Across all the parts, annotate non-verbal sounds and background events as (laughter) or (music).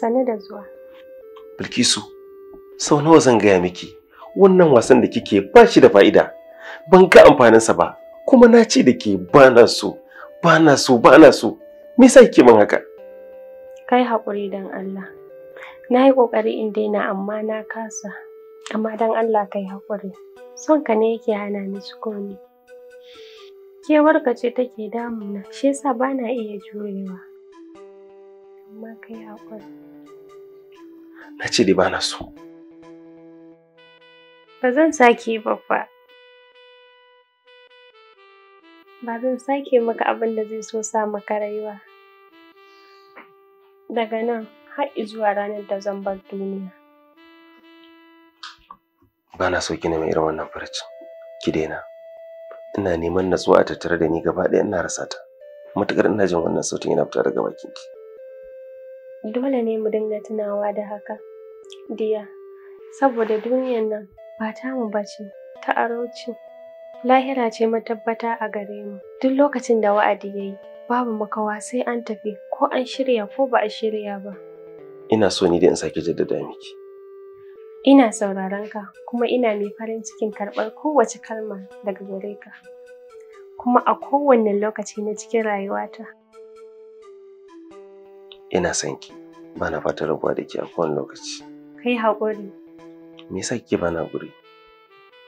Sani da zuwa. Bilkisu, sau nawa zan gaya miki wannan wasan da kike ba shi da fa'ida, ban ga amfaninsa ba, kuma na ce da ke ba na so, ba na so, ba na so, me yasa kike min haka? Kai haƙuri don Allah. Na yi ƙoƙari in daina amma na kasa, amma don Allah kai haƙuri. Son ka ne yake hana ni Kewar Kewarka ce take damuna, shi yasa ba na iya jurewa. amma kai haƙuri. na ce dai bana so ba zan sake babba ba zan sake maka abin da zai so sa maka rayuwa daga nan har zuwa ranar da zan bar duniya ba na so ki neman irin wannan farcin ki daina ina neman natsuwa a tattare da ni gaba ɗaya ina rasa ta matuƙar ina jin wannan sautin yana fita daga bakin ki dole ne mu dinga tunawa da haka Diya, saboda duniyar nan ba tamu ba ce, ta aro Lahira ce matabbata a gare mu. Duk lokacin da wa'adi ya yi, babu makawa sai an tafi ko an shirya ko ba a shirya ba. Ina so ni da in sake jaddada miki. Ina sauraron ka kuma ina mai farin cikin karɓar kowace kalma daga gare ka. Kuma a kowane lokaci na cikin rayuwata. Ina son ki, ba na fatan rabuwa da ke a kowane lokaci. Kai haƙuri. Me yasa kike bani haƙuri?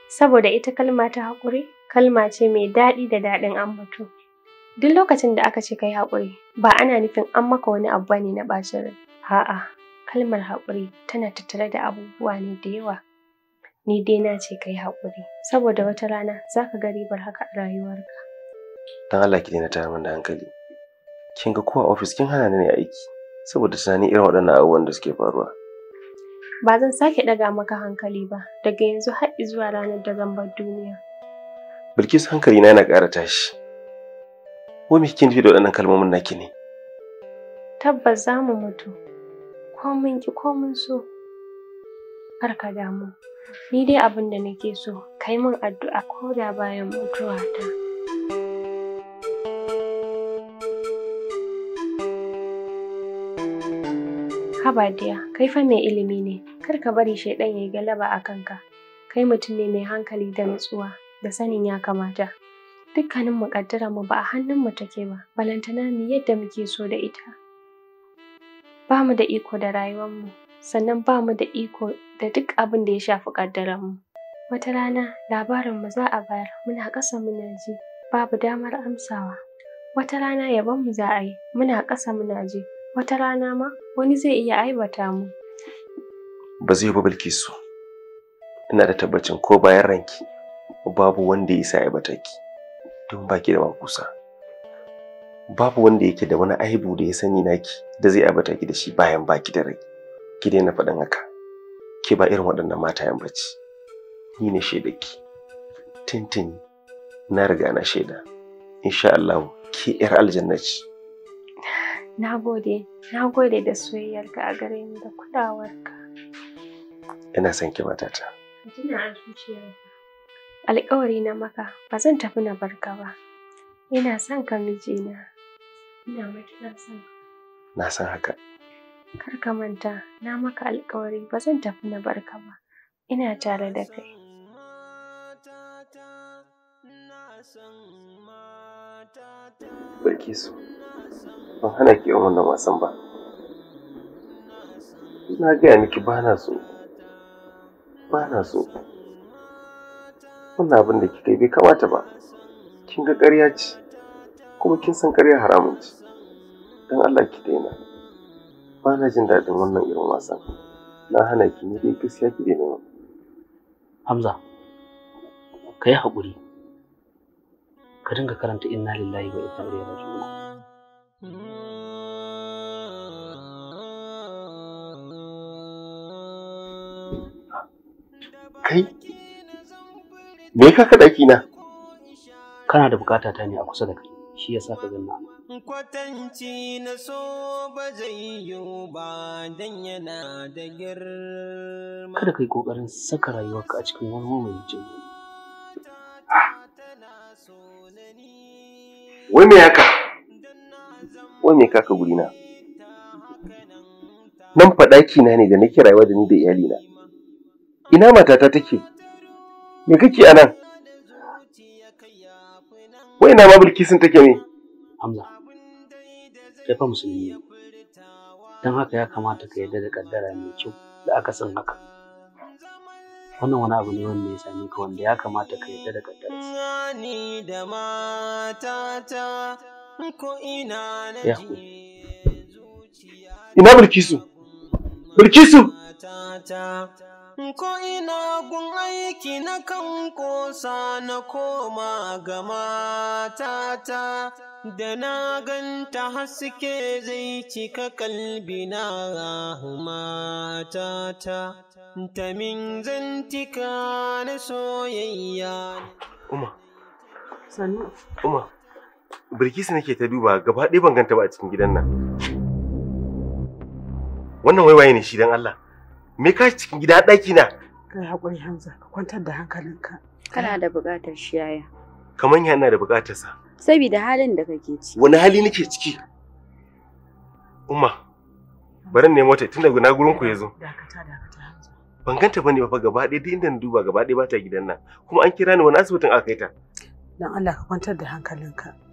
Saboda ita kalma ta haƙuri, kalma ce mai daɗi da daɗin ambato. Duk lokacin da aka ce kai haƙuri, ba ana nufin an maka wani abu bane na ɓacin rai. A'a, kalmar haƙuri tana tattare da abubuwa ne da yawa. Ni dai na ce kai haƙuri, saboda wata rana za ka ga ribar haka a rayuwarka. Dan Allah ki daina tayar min da hankali. Kin ga ko a ofis kin hana ni aiki, saboda tunanin irin waɗannan abubuwan da suke faruwa. Ba zan sake ɗaga maka hankali ba daga yanzu har zuwa ranar da zan bar duniya. Bilkisu hankali na yana ƙara tashi. Ko me kike nufi da waɗannan kalmomin naki ne? Tabbas za mu mutu. Ko mun ki ko mun so. Kar ka damu. Ni dai abin da nake so, kai min addu'a ko da bayan mutuwa ta. Haba diya, kai fa mai ilimi ne, kar ka bari shaidan ya yi galaba a kanka. Kai mutum ne mai hankali da nutsuwa da sanin ya kamata. Dukkanin mu ba a hannun mu take ba, balantana mu yadda muke so da ita. Ba mu da iko da mu sannan ba mu da iko da duk abin da ya shafi mu Wata rana labarinmu za a bayar, muna ƙasa muna ji, babu damar amsawa. Wata rana yabonmu za a yi, muna ƙasa muna ji, Wata rana ma wani zai iya aibata mu. Ba zai ba Bilkisu. Ina da tabbacin ko bayan ranki babu wanda ya isa aibata ki don baki da makusa. Babu wanda yake da wani aibu da ya sani naki da zai aibata ki da shi bayan baki da rai. Ki daina faɗin haka. Ki ba irin waɗannan matayen bace. Ni ne shaidaki. Tintin na riga na shaida. Insha Allah ki 'yar aljanna ce. Na gode, na gode da soyayyarka a gare ni da kulawarka. Ina son ki matata. Jina a zuciyarka. Alƙawari na maka, ba zan tafi na barka ba. Ina son ka mijina. Ina matuƙar son ka. Na san haka. Kar ka manta, na maka alƙawari ba zan tafi na barka ba. Ina tare da kai. Bilkisu. ban hana ki yin wannan wasan ba na gaya miki ba na so ba na so wannan abin da kika yi bai kamata ba kin ga ƙarya ce kuma kin san ƙarya haramun ce don Allah ki daina ba na jin daɗin wannan irin wasan na hana ki ne dai gaskiya ki daina Hamza ka yi haƙuri ka dinga karanta inna lillahi wa inna ilaihi raji'un Kai, me ka ka ɗaki na? Kana da bukata ta ne a kusa da kai, shi ya sa ka zanna. Kwatanci na so ba zai yi ba dan yana da girma. Kada ka yi ƙoƙarin saka rayuwarka a cikin wani mamayin jin ah. Wai me haka? wai me kaka guri na nan faɗaki na ne da nake rayuwa da ni da iyalina ina matata take me kake anan wai na ma bilkisin take me hamza kai fa musulmi ne don haka ya kamata ka yarda da kaddara mai kyau da aka san haka wannan wani abu ne wanda ya same ka wanda ya kamata ka yarda da kaddara ni da matata Ina Bilkisu? Bilkisu! Ko ina gun aiki na kan kosa na koma ga matata da na ganta haske zai cika kalbina matata ta min zantika na soyayya. Uma. Sannu. Uma. Bilkisu nake ta duba gaba ɗaya ban ganta ba a cikin gidan nan. Wannan wai waye ne shi dan Allah. Me ka cikin gida ɗaki na? Kai haƙuri Hamza, ka kwantar da hankalinka. Kana da buƙatar shi yaya. ya yana da buƙatar sa. Saboda halin da kake ciki. Wani hali nake ciki? Umma, bari ne mota tunda na gurin ku yazo. Dakata dakata Hamza. Ban ganta bane ba fa gaba ɗaya duk inda na duba gaba ɗaya ba ta gidan nan. Kuma an kira ni wani asibitin aka kai ta. Dan Allah ka kwantar da hankalinka.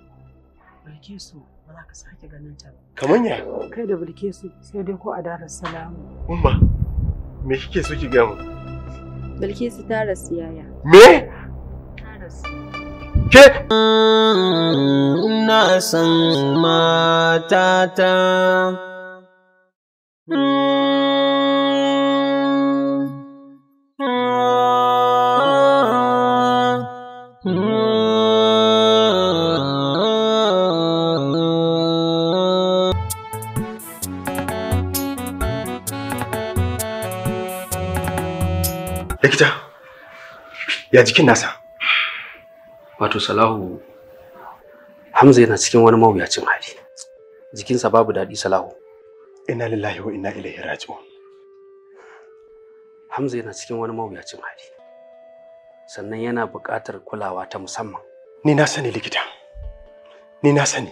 Bilkisu ba za ka sake ganin ta ba. ya? Kai da Bilkisu sai dai ko a darar salamu. Umma, me kike so ki ga mu? Bilkisu ta rasu yaya. Me? Ta rasu. Ke? Na san matata. Mm. ya jikin nasa wato salahu hamza yana cikin wani mawuyacin hali jikinsa babu daɗi salahu inna lillahi wa inna ilaihi raji'un hamza yana cikin wani mawuyacin hali sannan yana buƙatar kulawa ta musamman ni na sani likita ni na sani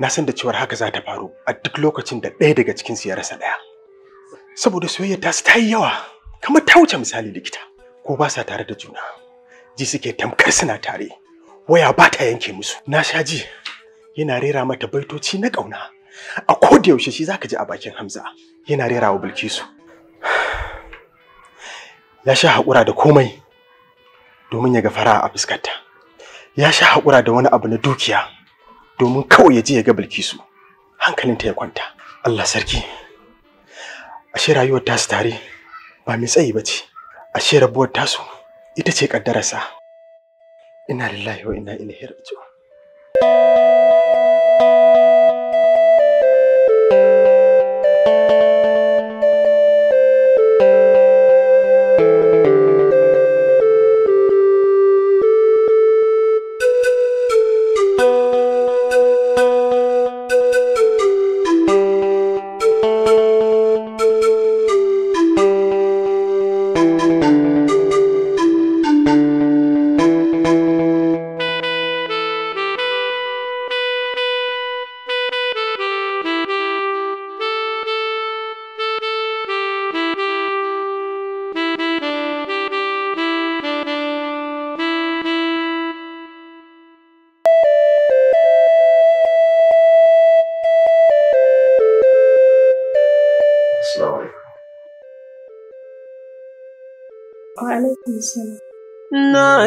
na san da cewar haka za ta faru a duk lokacin da ɗaya daga cikinsu ya rasa ɗaya saboda soyayya ta su ta yi yawa kamar ta wuce misali likita ko ba sa tare da juna ji suke tamkar suna tare waya ba ta yanke musu na sha ji yana rera mata baitoci na ƙauna a koda yaushe shi zaka ji a bakin hamza yana rera wa bilkisu ya sha haƙura da komai domin ya ga fara a fuskarta ya sha haƙura da wani abu na dukiya domin kawai ya ji ya ga bilkisu hankalinta ya kwanta allah sarki ashe rayuwar tasu tare ba mai tsayi ba ce ashe rabuwar tasu ita ce kaddararsa ina lillahi wa ina ilaihi raji'un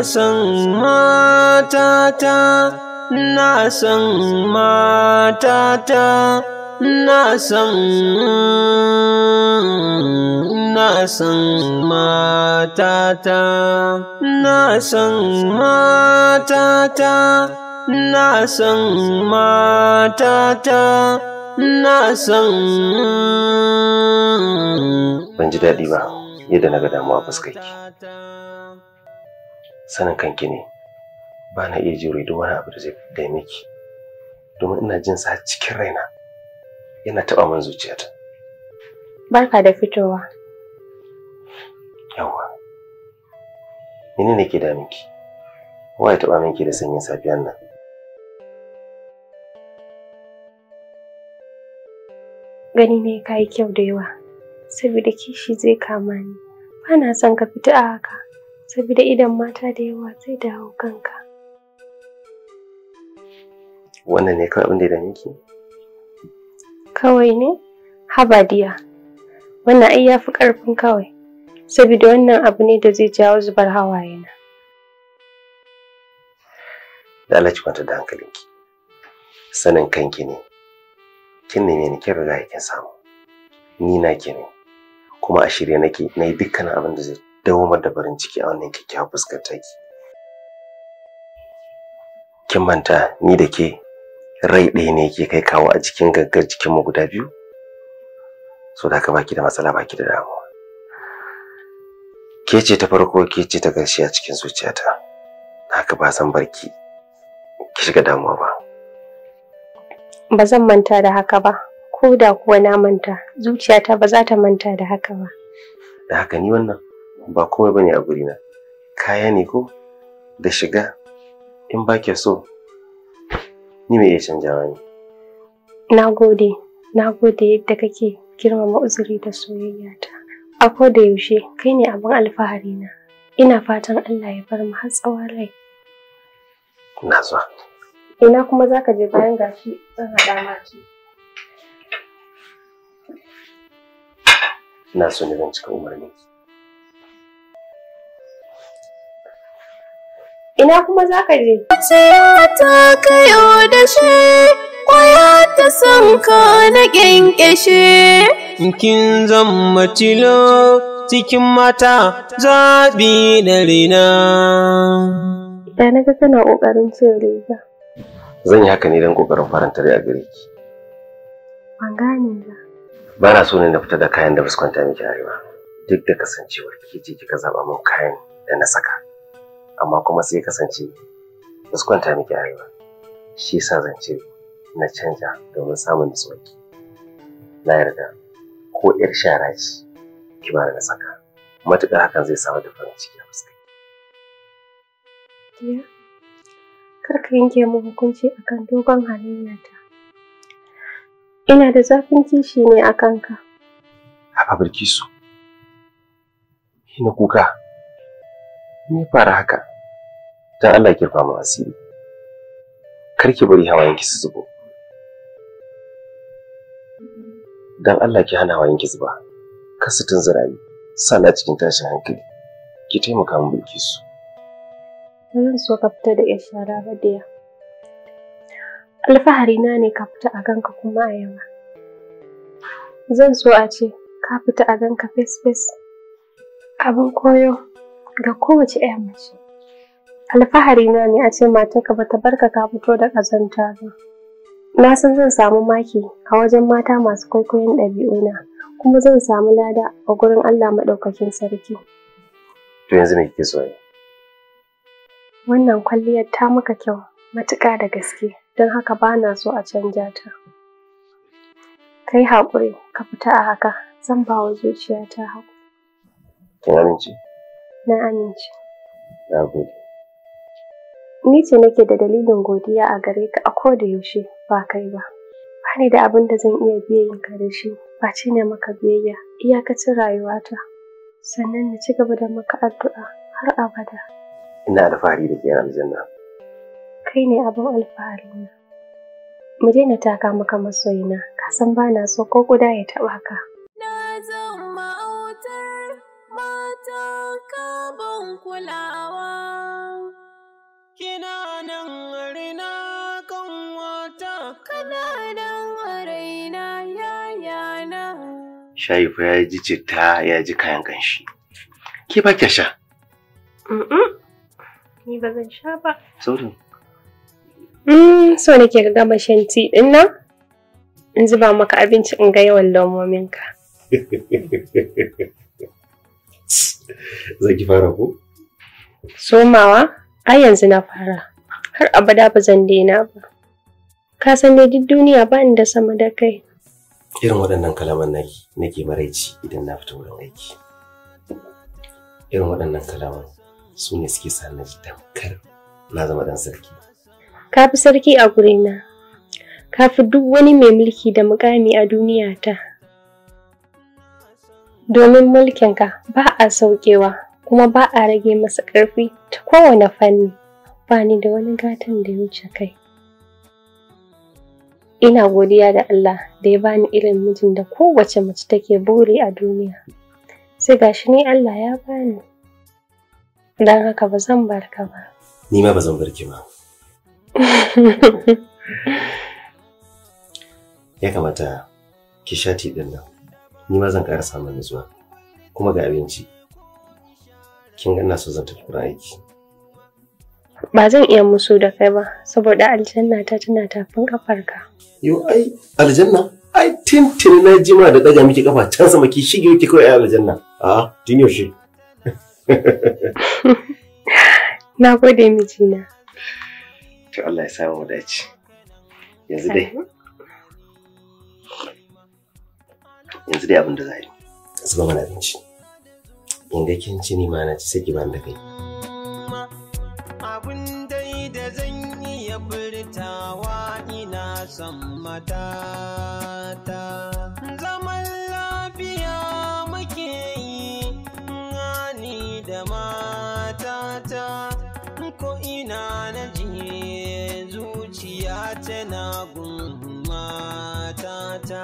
san matata na san matata na san na san matata na san matata na san matata na san ban ji daɗi ba yadda na ga damuwa fuskarki sanin kanki ne ba na iya jure duk wani abu da zai dame ki domin ina jin sa cikin raina yana taɓa min zuciyata barka da fitowa yawa mene ne ke damin ki wa ya taɓa minki da sanyin safiyar nan gani ne ka kyau da yawa saboda kishi zai kama ni ba na son ka fita a haka saboda idan mata da yawa zai dawo kanka wannan ne kawai abin da dame ki kawai ne habadiya wannan ai yafi karfin kawai saboda wannan abu ne da zai jawo zubar hawaye na da Allah ki kwanta da hankalinki sanin kanki ne kin ne ne kin riga kin samu ni na ki ne kuma a shirye nake na yi dukkanin abin da zai dawamar da farin ciki a wannan kyakkyawar fuskar taki kin manta ni da ke rai ɗaya ne ke kai kawo a cikin gaggar jikinmu guda biyu so da haka baki da matsala baki da damuwa ke ce ta farko ke ce ta ƙarshe a cikin zuciyata haka ba zan barki ki shiga damuwa ba ba zan manta da haka ba ko da kuwa na manta zuciyata ba za ta manta da haka ba da haka ni wannan ba komai bane a guri na kaya ne ko da shiga in ba ke so ni mai iya canjawa ne na gode na gode yadda kake girmama uzuri da soyayya ta a da yaushe kai ne abin alfahari na ina fatan Allah ya bar mu har tsawon rai na zuwa ina kuma zaka je bayan gashi zan haɗa ma Na so ne zan cika umarni Ina kuma za ka je? Zuciya ta kayo da shi, kwaya ta son ka na ƙyanƙyashe. Kin zama tilo cikin mata zaɓi da rina. Da na ga kana ƙoƙarin cin riga. Zan yi haka ne don ƙoƙarin faranta rai a gare ki. Ban gane ba. Ba na so ne na fita da kayan da fuskanta su kwanta miki a ba. Duk da kasancewar kiki kika zaɓa min kayan da na saka. amma kuma sai kasance ba su miki arewa shi yasa zan ce na canja domin samun tsoki na yarda ko 'yar shara ce ki ba na saka matuƙar hakan zai samu da farin ciki a fuskar Diya, kar ka yanke mu hukunci akan dogon halayyata. Ina da zafin kishi ne a kanka. su Bilkisu, ina kuka. me fara haka dan Allah ki fama asiri kar ki bari hawayen ki su zubo dan Allah ki hana hawayen ki zuba kar su tunzura ni sana cikin tashin hankali ki taimaka min bulki su zan so ka fita da ishara badiya alfahari na ne ka fita a ganka kuma a yawa zan so a ce ka fita a ganka face face abin koyo ga kowace 'ya mace. Alfahari na ne a ce matarka ba ta barka ka fito da ƙazanta ba. Na san zan samu maki a wajen mata masu kwaikwayon ɗabi'una kuma zan samu lada a gurin Allah maɗaukakin sarki. To yanzu me kike so yi? Wannan kwalliyar ta maka kyau matuƙa da gaske don haka ba na so a canja ta. Kai haƙuri ka fita a haka zan ba wa zuciyata haƙuri. Kin amince? na amince. Na gode. Ni ce nake da dalilin godiya a gare ka a koda yaushe ba kai ba. Ba ni da abin da zan iya biyayin ka da shi, face ne maka biyayya iyakacin rayuwata. Sannan na ci gaba da maka addu'a har abada. Ina alfahari da ke aljanna. Kai ne abin alfahari na. Mu daina taka maka masoyina, ka san ba na so ko guda ya taɓa ka. kulawa. Kina nan rina kan wata kana nan raina yayana. Shayi fa ya ji citta ya ji kayan kanshi. Ki ba ki sha? Ni ba zan sha ba. Saurin. Mm, so nake ga gama shan ti din nan. In zuba maka abinci in ga yawan lomominka. (laughs) Zaki fara ko? somawa ai yanzu na fara har abada ba zan daina ba ka san dai duk duniya ba da sama da kai irin waɗannan kalaman naki nake maraici idan na fita wurin aiki irin waɗannan kalaman su ne suke sa na ji tamkar na zama ɗan sarki ka fi sarki a gurina ka fi duk wani mai mulki da mukami a duniya ta domin mulkinka ba a saukewa kuma ba a rage masa ƙarfi ta kowane fanni ba ni da wani gatan da ya wuce kai ina godiya da Allah da ya bani irin mijin da kowace mace take buri a duniya sai gashi ni Allah ya bani don haka ba zan bar ba ni ma ba zan bar ki ba (laughs) ya kamata ki sha ti nan ni ma zan ƙara samun nutsuwa kuma ga abinci kin ga ina so zan tafi gurin aiki ba zan iya musu da kai ba saboda aljanna ta tana tafin ka. yo ai aljanna ai tintin na jima da daga miki kafa can sama ki shige ki kawai aljanna a tun yaushe (laughs) na gode mijina to Allah ya samu dace yanzu dai yanzu dai abin da za yi zuba mana abinci in ga kin ci ni ma na ci saki ban da kai abun dai da zan yi ya furtawa ina son matata zaman lafiya muke yi ni da matata ko ina na ji zuciya tana gun matata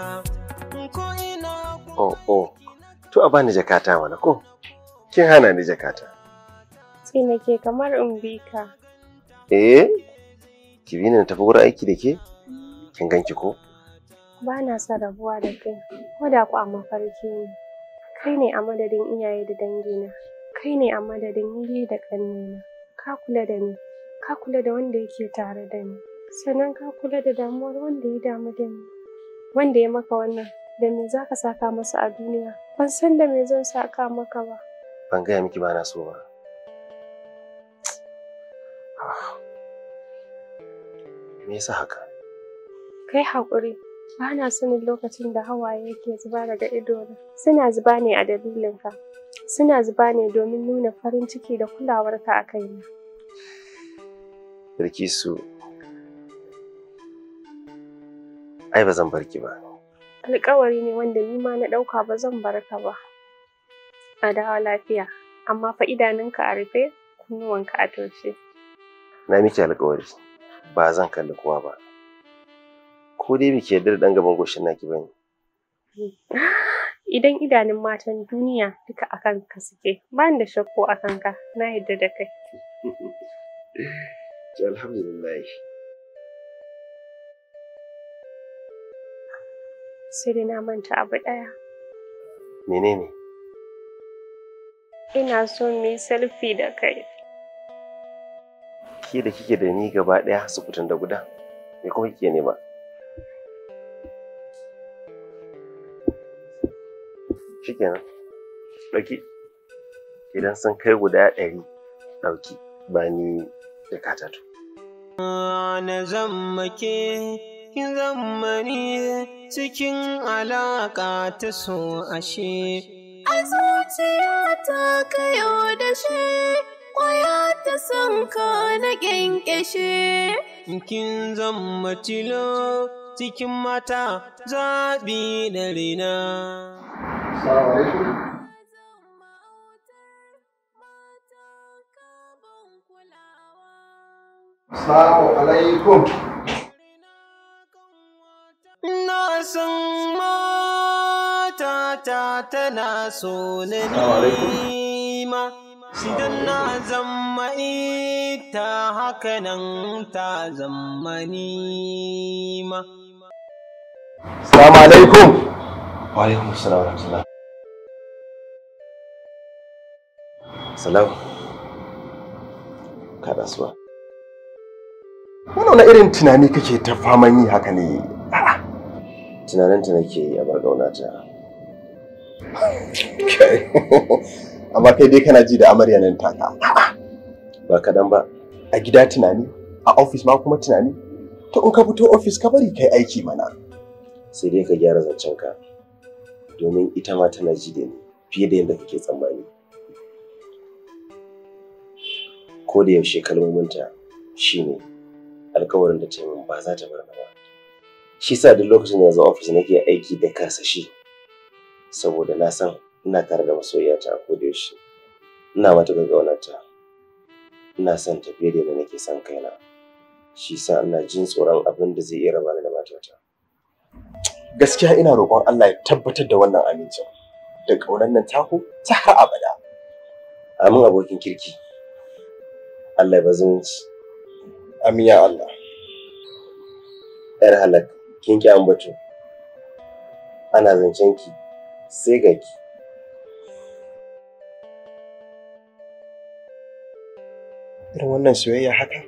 ko ina oh oh to a bani jakata mana ko kin hana ni jakata. Sai nake kamar in bi ka. Eh, ki bi ni na tafi wurin aiki da ke? Kin ganki ko? Ba na son rabuwa da kai, ko da ku a mafarki ne. Kai ne a madadin iyaye da dangina, kai ne a madadin yi da ƙannena. Ka kula da ni, ka kula da wanda yake tare da ni, sannan ka kula da damuwar wanda ya damu da ni. Wanda ya maka wannan, da me za ka saka masa a duniya? Ban san da me zan saka maka ba. ban gaya miki ba na so ba ah. me yasa haka kai haƙuri ba na sanin lokacin da hawaye yake zuba daga idona suna zuba ne a dalilinka suna zuba ne domin nuna farin ciki da kulawarka a kaina Bilkisu ai ba zan barki ba alƙawari ne wanda ni ma na ɗauka ba zan barka ba a dawo lafiya, amma fa idanunka a rufe, kunnuwanka a toshe. Na miki alƙawari ba zan kalli kowa ba. Ko dai biki yarda da ɗan gaban goshin naki ba ne. (laughs) Idan idanun matan duniya duka a kanka suke, ba da shakku a kanka, na yarda da kai. (laughs) Alhamdulillah. Sai dai na manta abu ɗaya. Menene? ina so mu yi selfie da kai ke da kike da ni gaba ɗaya sukutun da guda me kuma kike nema shikenan ɗauki idan sun kai guda ɗari ɗauki ba ni da katatu na zammake kin zammani cikin alaƙa ta so ashe zuciya ta kayo da shi ƙwaya ta son ka na ƙyanƙyashe kin zama tilo cikin mata zaɓi na rina Assalamu alaikum. tana so na nima Idan na zama ita haka nan ta zama nima. Salamu alaikum. Wa alaikum salam rahmatullah. Salam. Ka rasuwa. Wannan wani irin tunani kake ta faman yi haka ne? A'a. Tunanin ta nake yi a bargaunata. (laughs) amma kai dai kana ji da amarya nan taka ba kaɗan ba a gida tunani a ofis ma kuma tunani to in ka fito ofis ka bari kai aiki mana sai dai ka gyara zancen ka domin ita ma tana ji da ni fiye da yadda kake tsammani ko da yaushe kalmominta shine alkawarin da ta yi ba za ta bar ba shi sa duk lokacin da zan ofis nake aiki da kasashe. saboda na san ina tare da masoyiyata a kodayaushe ina mata gaggaunarta ina son ta fiye da yadda nake son kaina shi sa ina jin tsoron abin da zai iya raba ni da matata gaskiya ina roƙon Allah ya tabbatar da wannan amincin da ƙaunar nan taku ta har abada amin abokin kirki Allah ya zumunci amin ya Allah yar halak kin ki ambato ana zancen ki sai ga ki irin wannan soyayya haka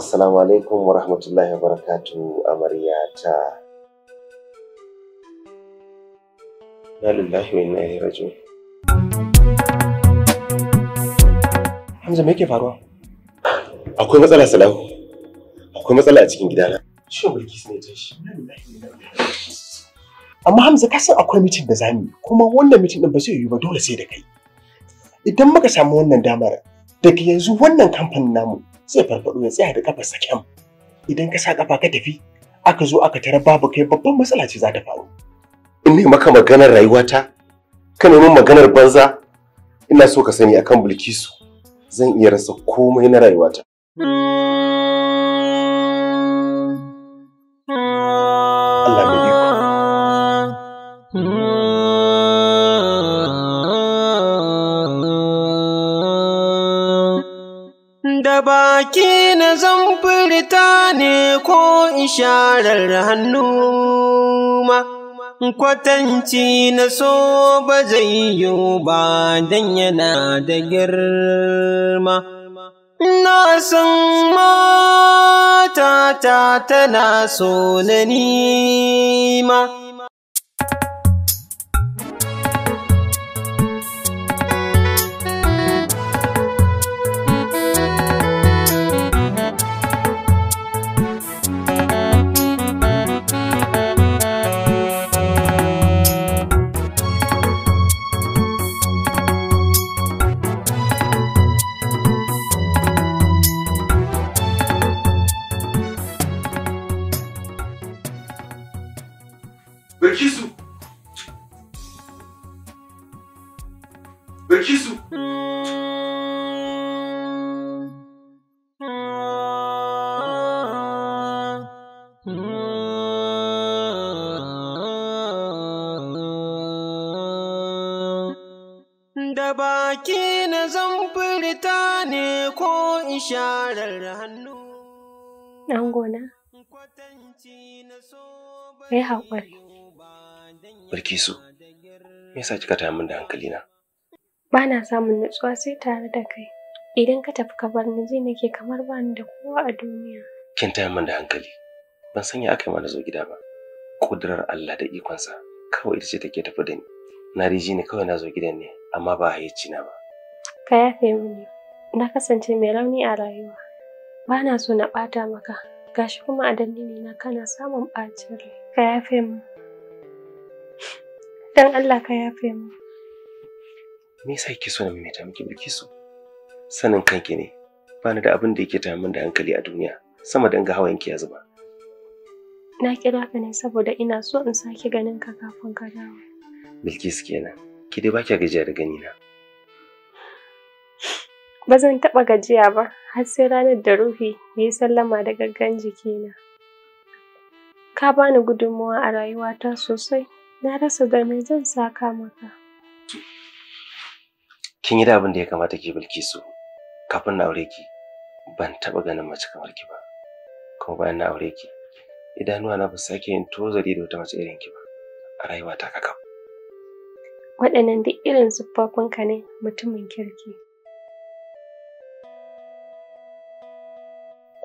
assalamu alaikum wa rahmatullahi wa barakatu amarya ta na lullahi wa inayi rajo. Hamza me ke faruwa? Akwai matsala Salahu. Akwai matsala a cikin gidana. Shin Na lullahi wa shi? Amma Hamza ka san akwai mitin da zamu kuma wannan mitin din ba zai yiwu ba dole sai da kai. Idan muka samu wannan damar daga yanzu wannan kamfanin namu zai farfado ya tsaya da kafarsa kyam. Idan ka sa kafa ka tafi aka zo aka tara babu kai babban matsala ce za ta faru. In ne maka maganar rayuwata ka nemi maganar banza ina so ka sani akan Bilkisu zan iya rasa komai na rayuwata. baki na zamfurta ne ko isharar hannu ma, kwatanci na so ba zai yi ba don yana da girma. Na san matata tana so na nima. Kai haƙuri. Bilkisu, me yasa kika taya min da hankalina? Ba na samun nutsuwa sai tare da kai. Idan ka tafi ka bar ni ji nake kamar ba ni da kowa a duniya. Kin taya min da hankali. Ban sanya aka ma na zo gida ba. Kudurar Allah da ikonsa kawai ita ce take tafi da ni. Na riji ne kawai na zo gidan ne amma ba hayyaci na ba. Ka yafe mini. Na kasance mai rauni a rayuwa. Ba na so na ɓata maka. gashi kuma a dalili na kana samun ɓacin rai ka yafe mu dan Allah ka yafe mu me yasa kike so na mai ta miki biki so sanin kanki ne ba ni da abin da yake ta min da hankali a duniya sama da ga hawayenki ya zuba na kira ka ne saboda ina so in sake ganin ka kafin ka dawo Bilkisu kenan ki dai ba kya gajiya da ganina. na Ba zan taɓa gajiya ba har sai ranar da ruhi ya yi sallama da gaggan jikina. Ka bani gudunmawa a rayuwata sosai, na rasa da me zan saka maka. Kin yi da abin da ya kamata ki bilki su, kafin na aure ki ban taɓa ganin mace kamar ki ba. Kuma bayan na aure ki, idanuwa na ba sake yin tuwo da wata mace irin ki ba a rayuwata kakaf. Waɗannan duk irin siffofinka ne mutumin kirki.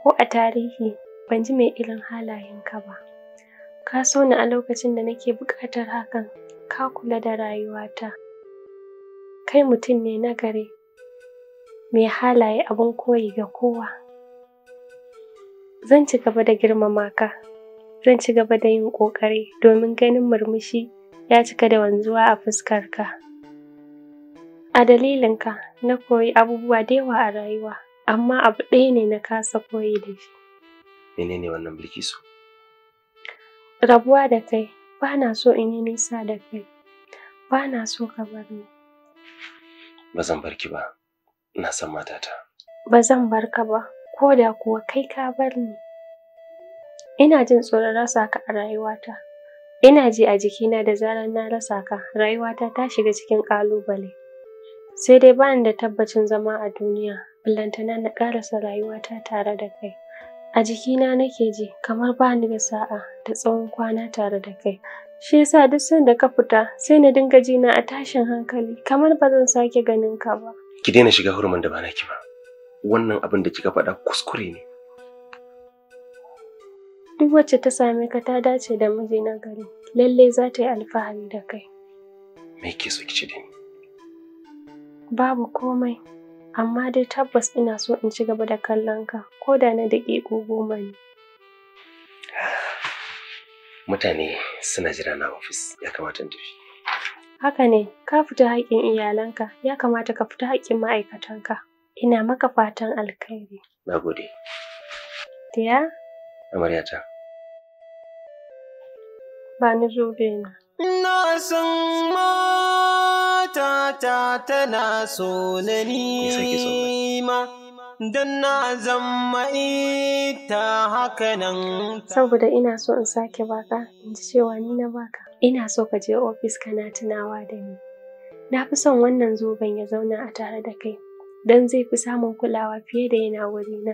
ko a tarihi ban ji mai irin halayenka ba. Ka so ni a lokacin da nake buƙatar hakan, ka kula da rayuwata. Kai mutum ne na gari, mai halaye abin koyi ga kowa. Zan ci gaba da girmama ka, zan ci gaba da yin ƙoƙari domin ganin murmushi ya cika da wanzuwa a fuskarka. A dalilinka na koyi abubuwa da yawa a rayuwa. amma abu ɗaya ne na kasa koyi da shi. Mene ne wannan Bilkisu? Rabuwa da kai, ba na so in yi nisa da kai, ba na so ka bar ni. Ba zan bar ki ba, ina son matata. Ba zan bar ka ba, ko da kuwa kai ka bar ni. Ina jin tsoron rasa ka a rayuwata. Ina ji a jikina da zarar na rasa ka, rayuwata ta shiga cikin ƙalubale. Sai dai ba da tabbacin zama a duniya, ballantana na ƙarasa rayuwata tare da kai. A jikina nake ji kamar bani da sa'a da tsawon kwana tare da kai. Shi yasa duk sanda ka fita sai na dinga jina a tashin hankali kamar ba zan sake ganin ka ba. Ki daina shiga hurumin da ba naki ba. Wannan abin da kika faɗa kuskure ne. Duk wacce ta same ka ta dace da miji na gari. Lalle za ta yi alfahari da kai. Me ke so ki ce da ni? Babu komai. amma dai tabbas ina so in ci gaba da kallon ka ko da na daƙiƙo goma ne. Mutane suna jira na ofis ya kamata in tafi. Haka ne, ka fita haƙƙin iyalanka ya kamata ka fita haƙƙin ma'aikatanka. Ina maka fatan alkhairi. Na gode. Tiya? Amaryata. Ba ni zobe na. na san mata ta tana so na nima don na zama ita hakanan saboda ina so in sake baka in ji cewa ni na baka ina so ka je ofis kana tunawa da ni na fi son wannan zoben ya zauna a tare da kai don zai fi samun kulawa fiye da yana wurina.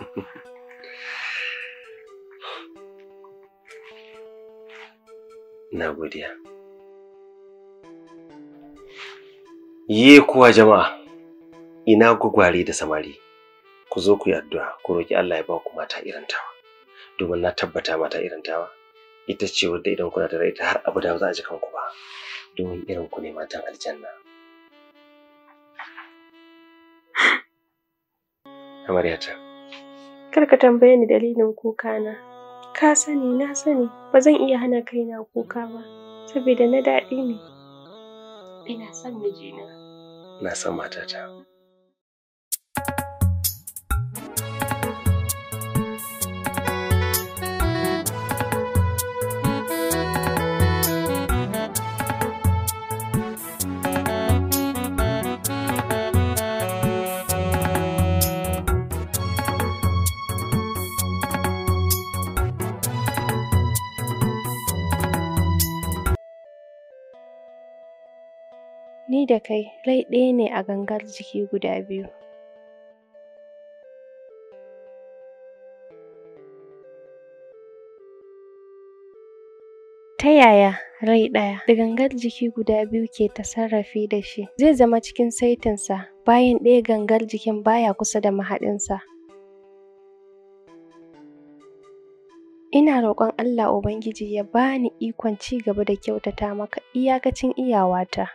(laughs) na godiya ye kuwa jama'a ina gwagware da samari ku zo ku yi addu'a ku roki Allah ya ba ku mata irin tawa domin na tabbata mata irin tawa ita ce wadda idan kuna da ita har abada da za a ji kanku ba domin irin ku ne matan aljanna amaryata kar ka tambaye ni dalilin kuka na Ka sani na sani ba zan iya hana kaina kuka ba saboda na daɗi ne. Ina son mijina. Na son matata. ni da kai rai ɗaya ne a gangar jiki guda biyu. Ta yaya rai ɗaya da gangar jiki guda biyu ke ta sarrafi da shi zai zama cikin saitinsa bayan ɗaya gangar jikin baya kusa da mahaɗinsa? Ina roƙon Allah Ubangiji ya bani ikon ci gaba da kyautata maka iyakacin iyawata.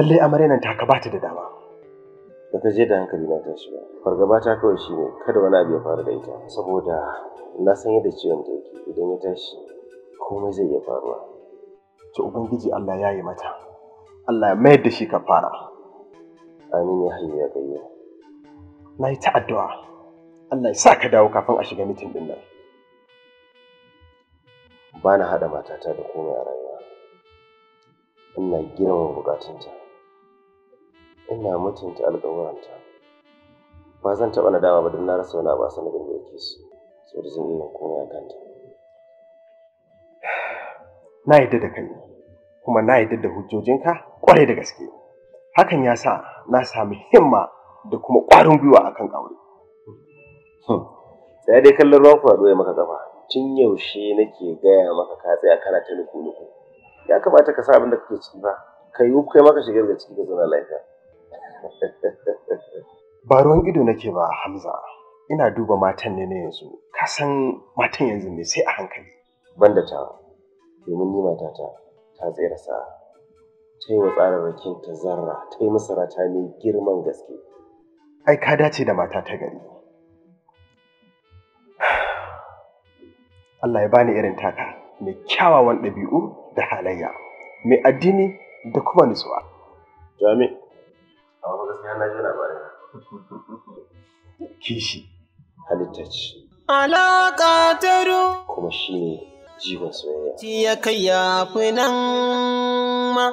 lallai amaryanan ta ka bata da dama ba je da hankali na tashi ba fargaba ta kawai shi ne kada wani abu ya faru da ita saboda na san yadda ciwon ta yake idan ya tashi komai zai iya faruwa to ubangiji Allah ya yi mata Allah ya mayar da shi ka fara amin ya hayya ya gayya na yi ta addu'a Allah ya sa ka dawo kafin a shiga mitin din nan ba na haɗa matata da komai a rayuwa ina girmama bukatunta ina mutunta alƙawuranta ba zan taɓa nadama ba don na rasa wani abu a sanadin da yake so da zan iya komai a kanta na yadda da kai kuma na yadda da hujjojinka kwarai da gaske hakan ya sa na sami himma da kuma ƙwarin gwiwa a kan aure hmm. sai dai kallon ruwan faɗo ya maka gaba tun yaushe nake gaya maka ka tsaya kana ta nuku nuku ya kamata ka sa abin da kake ciki ba ka yi kai maka shiga da ciki ka zauna lafiya ba ruwan ido nake ba hamza ina duba matan ne na yanzu ka san matan yanzu ne sai a hankali banda ta domin ni matata ta tsira sa ta yi wa tsararrakin ta zarra ta yi masa rata mai girman gaske ai ka dace da mata ta gari (sighs) Allah ya bani irin taka mai kyawawan ɗabi'u da halayya mai addini da kuma nutsuwa. Jami. gaskiya na ji labarin (laughs) kishi halitta ce alaƙa ta kuma shi ne jiwon soyayya ya kai ya fi nan ma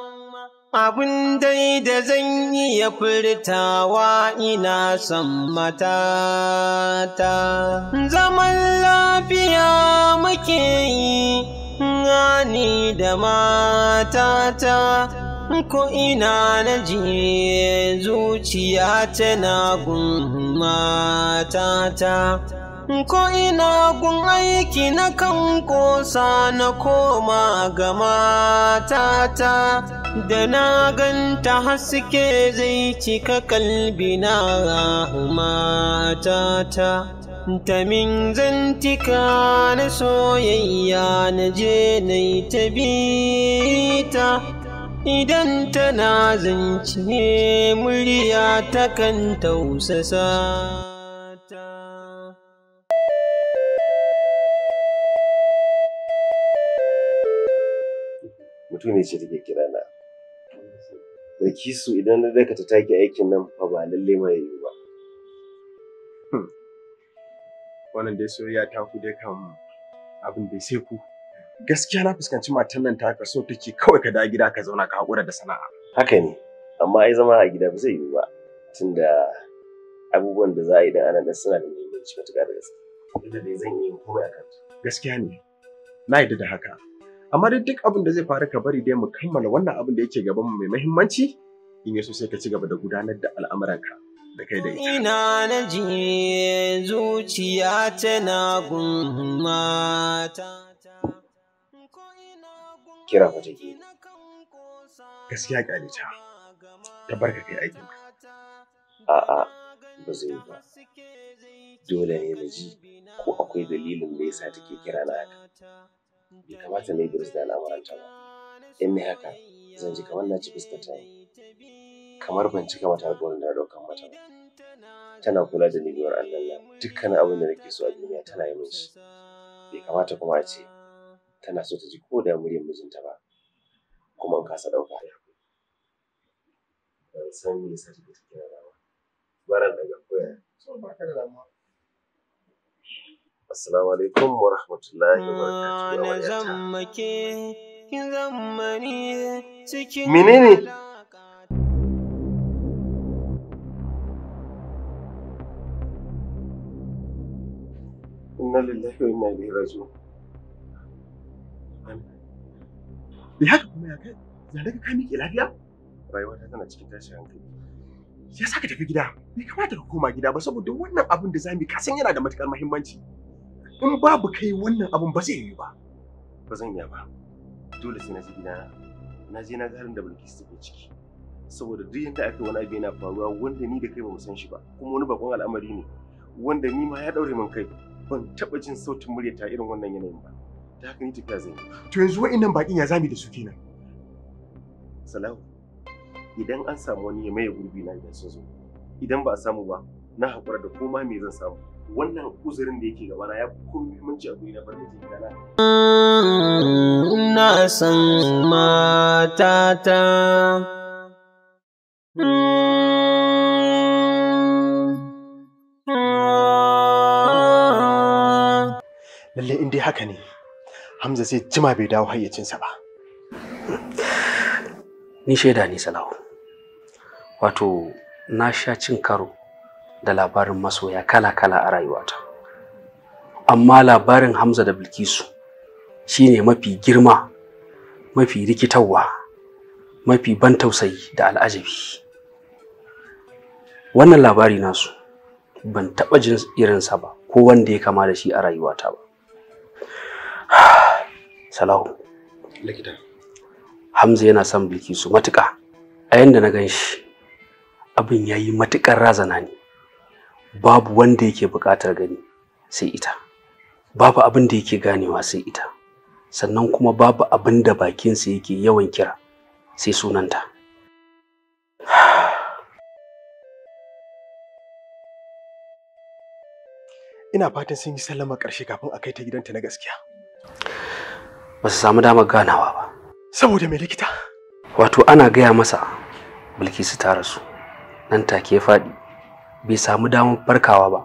abin dai da zan yi ya furtawa ina son matata. Zaman lafiya muke yi, ni da matata. ko ina na ji zuciya tana gun matata ko ina gun aiki na kan kosa na koma ga matata da na ganta haske zai cika kalbina matata ta min zantika na soyayya na je na ta bita idan tana zance murya takan tausasa ta. mutum ne ce take kira na kisu idan na dakata take aikin nan fa ba lalle ma yi ba hmm. wannan dai soyayya ta ku dai kan abin da sai ku gaskiya na fuskanci matan nan ta kaso take kawai ka dawo gida ka zauna ka haƙura da sana'a. Haka ne, amma ai zama a gida ba zai yiwu ba tunda abubuwan da za a yi da anan suna da muhimmanci matuƙa da gaske. Inda dai zan yi komai a kanta. Gaskiya ne, na yarda da haka. Amma dai duk abin da zai faru ka bari dai mu kammala wannan abin da yake gaban mu mai muhimmanci in yaso sai ka ci gaba da gudanar da al'amuranka. da kai da ita. Ina na ji zuciya tana gun kira fa yi. gaskiya kalita ta barka kai aikin ka a'a ba zai yi ba dole ne na ji ko akwai dalilin da yasa take kira na haka bai kamata na yi biris da al'amuranta ba in na haka zan ji kamar na ci ne. kamar ban cika mata alƙawarin da na ɗaukan mata ba tana kula da ni biyar Allah dukkan abin da nake so a duniya tana yi min shi bai kamata kuma a ce tana so ta ji ko da muryar mijinta ba kuma an kasa ɗauka ya ban san me yasa take take rawa baran daga koya so ba da assalamu alaikum wa rahmatullahi wa barakatuhu na da haka kuma ya kai ya daga ka miƙe lafiya rayuwa ta tana cikin tashin hankali ya sa ka tafi gida bai kamata ka koma gida ba saboda wannan abin da mu yi kasan yana da matukar muhimmanci in babu kai wannan abin ba zai yi ba ba zan iya ba dole sai na ji gida na je na ga harin da Bilkis take ciki saboda duk yadda aka wani abu yana faruwa wanda ni da kai ba mu san shi ba kuma wani bakon al'amari ne wanda ni ma ya daure min kai ban taba jin sautin muryata irin wannan yanayin ba da haka ni tafiya zan yi to yanzu wainnan baƙin ya zami da su kenan salahu idan an samu wani ya maye gurbi na idan sun zo idan ba a samu ba na haƙura da koma me zan samu wannan uzurin da yake gabana ya fi muhimmanci a guri na farin ciki gana. Na san matata. Lallai in dai haka ne. Hamza sai jima bai dawo hayyacinsa ba. Ni shaida ni Salahu. Wato na sha cin karo da labarin masoya kala-kala a rayuwata. Amma labarin Hamza da Bilkisu shine mafi girma, mafi rikitawa, mafi ban tausayi da al'ajabi. Wannan labari nasu ban taɓa jin irinsa ba ko wanda ya kama da shi a rayuwata ba. Salahu. Likita. Hamza yana son su matuƙa. A yanda na gan shi, abin ya yi matuƙar razana ne. Babu wanda yake buƙatar gani sai ita. Babu abin da yake ganewa sai ita. Sannan kuma babu abin da bakinsa yake yawan kira sai sunanta. Ina fatan sun yi sallama ƙarshe kafin a kai ta gidanta na gaskiya. ba su samu damar ganawa ba saboda mai likita wato ana gaya masa bilkisu ta rasu nan take ya faɗi bai samu damar farkawa ba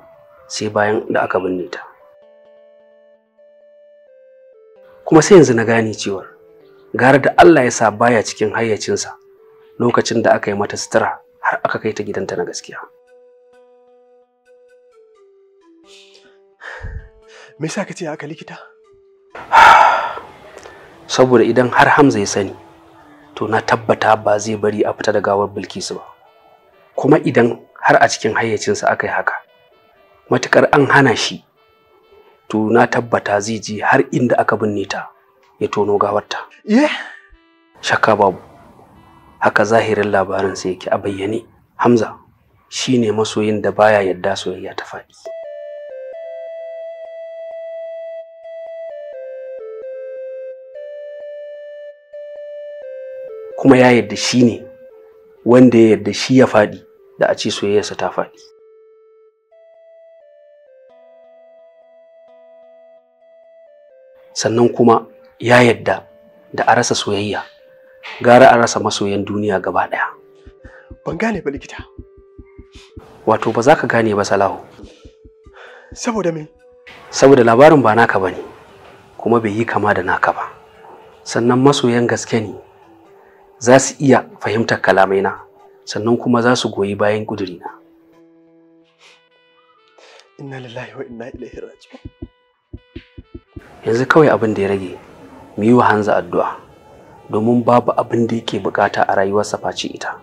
sai bayan da aka binne ta kuma sai yanzu na gane cewar gara da Allah ya sa baya cikin hayyacinsa lokacin da aka yi mata sutura har aka kai ta gidanta na gaskiya. Me yasa ka ce haka likita? (sighs) saboda idan har hamza ya sani to na tabbata ba zai bari a fita da gawar bilkisu ba kuma idan har a cikin hayyacinsa aka yi haka matukar an hana shi to na tabbata zai ji har inda aka binne ta ya tono gawarta yeah. shakka babu haka zahirin labarin sai yake a bayyane hamza shine masoyin da baya yadda soyayya ta faɗi. kuma ya yarda shi ne wanda ya yarda shi ya faɗi da a ce soyayyarsa ta faɗi sannan kuma ya yarda da a rasa soyayya gara a rasa masoyan duniya gaba ɗaya ban gane ba likita wato ba za ka gane ba salahu saboda me saboda labarin ba naka ba ne kuma bai yi kama da naka ba sannan masoyan gaske ne za su iya fahimtar kalamaina sannan kuma za su goyi bayan ƙudurina. Inna lillahi wa inna ilaihi raji'un. Yanzu kawai abin da ya rage mu yi wa Hanza addu'a domin babu abin da yake bukata a rayuwarsa face ita.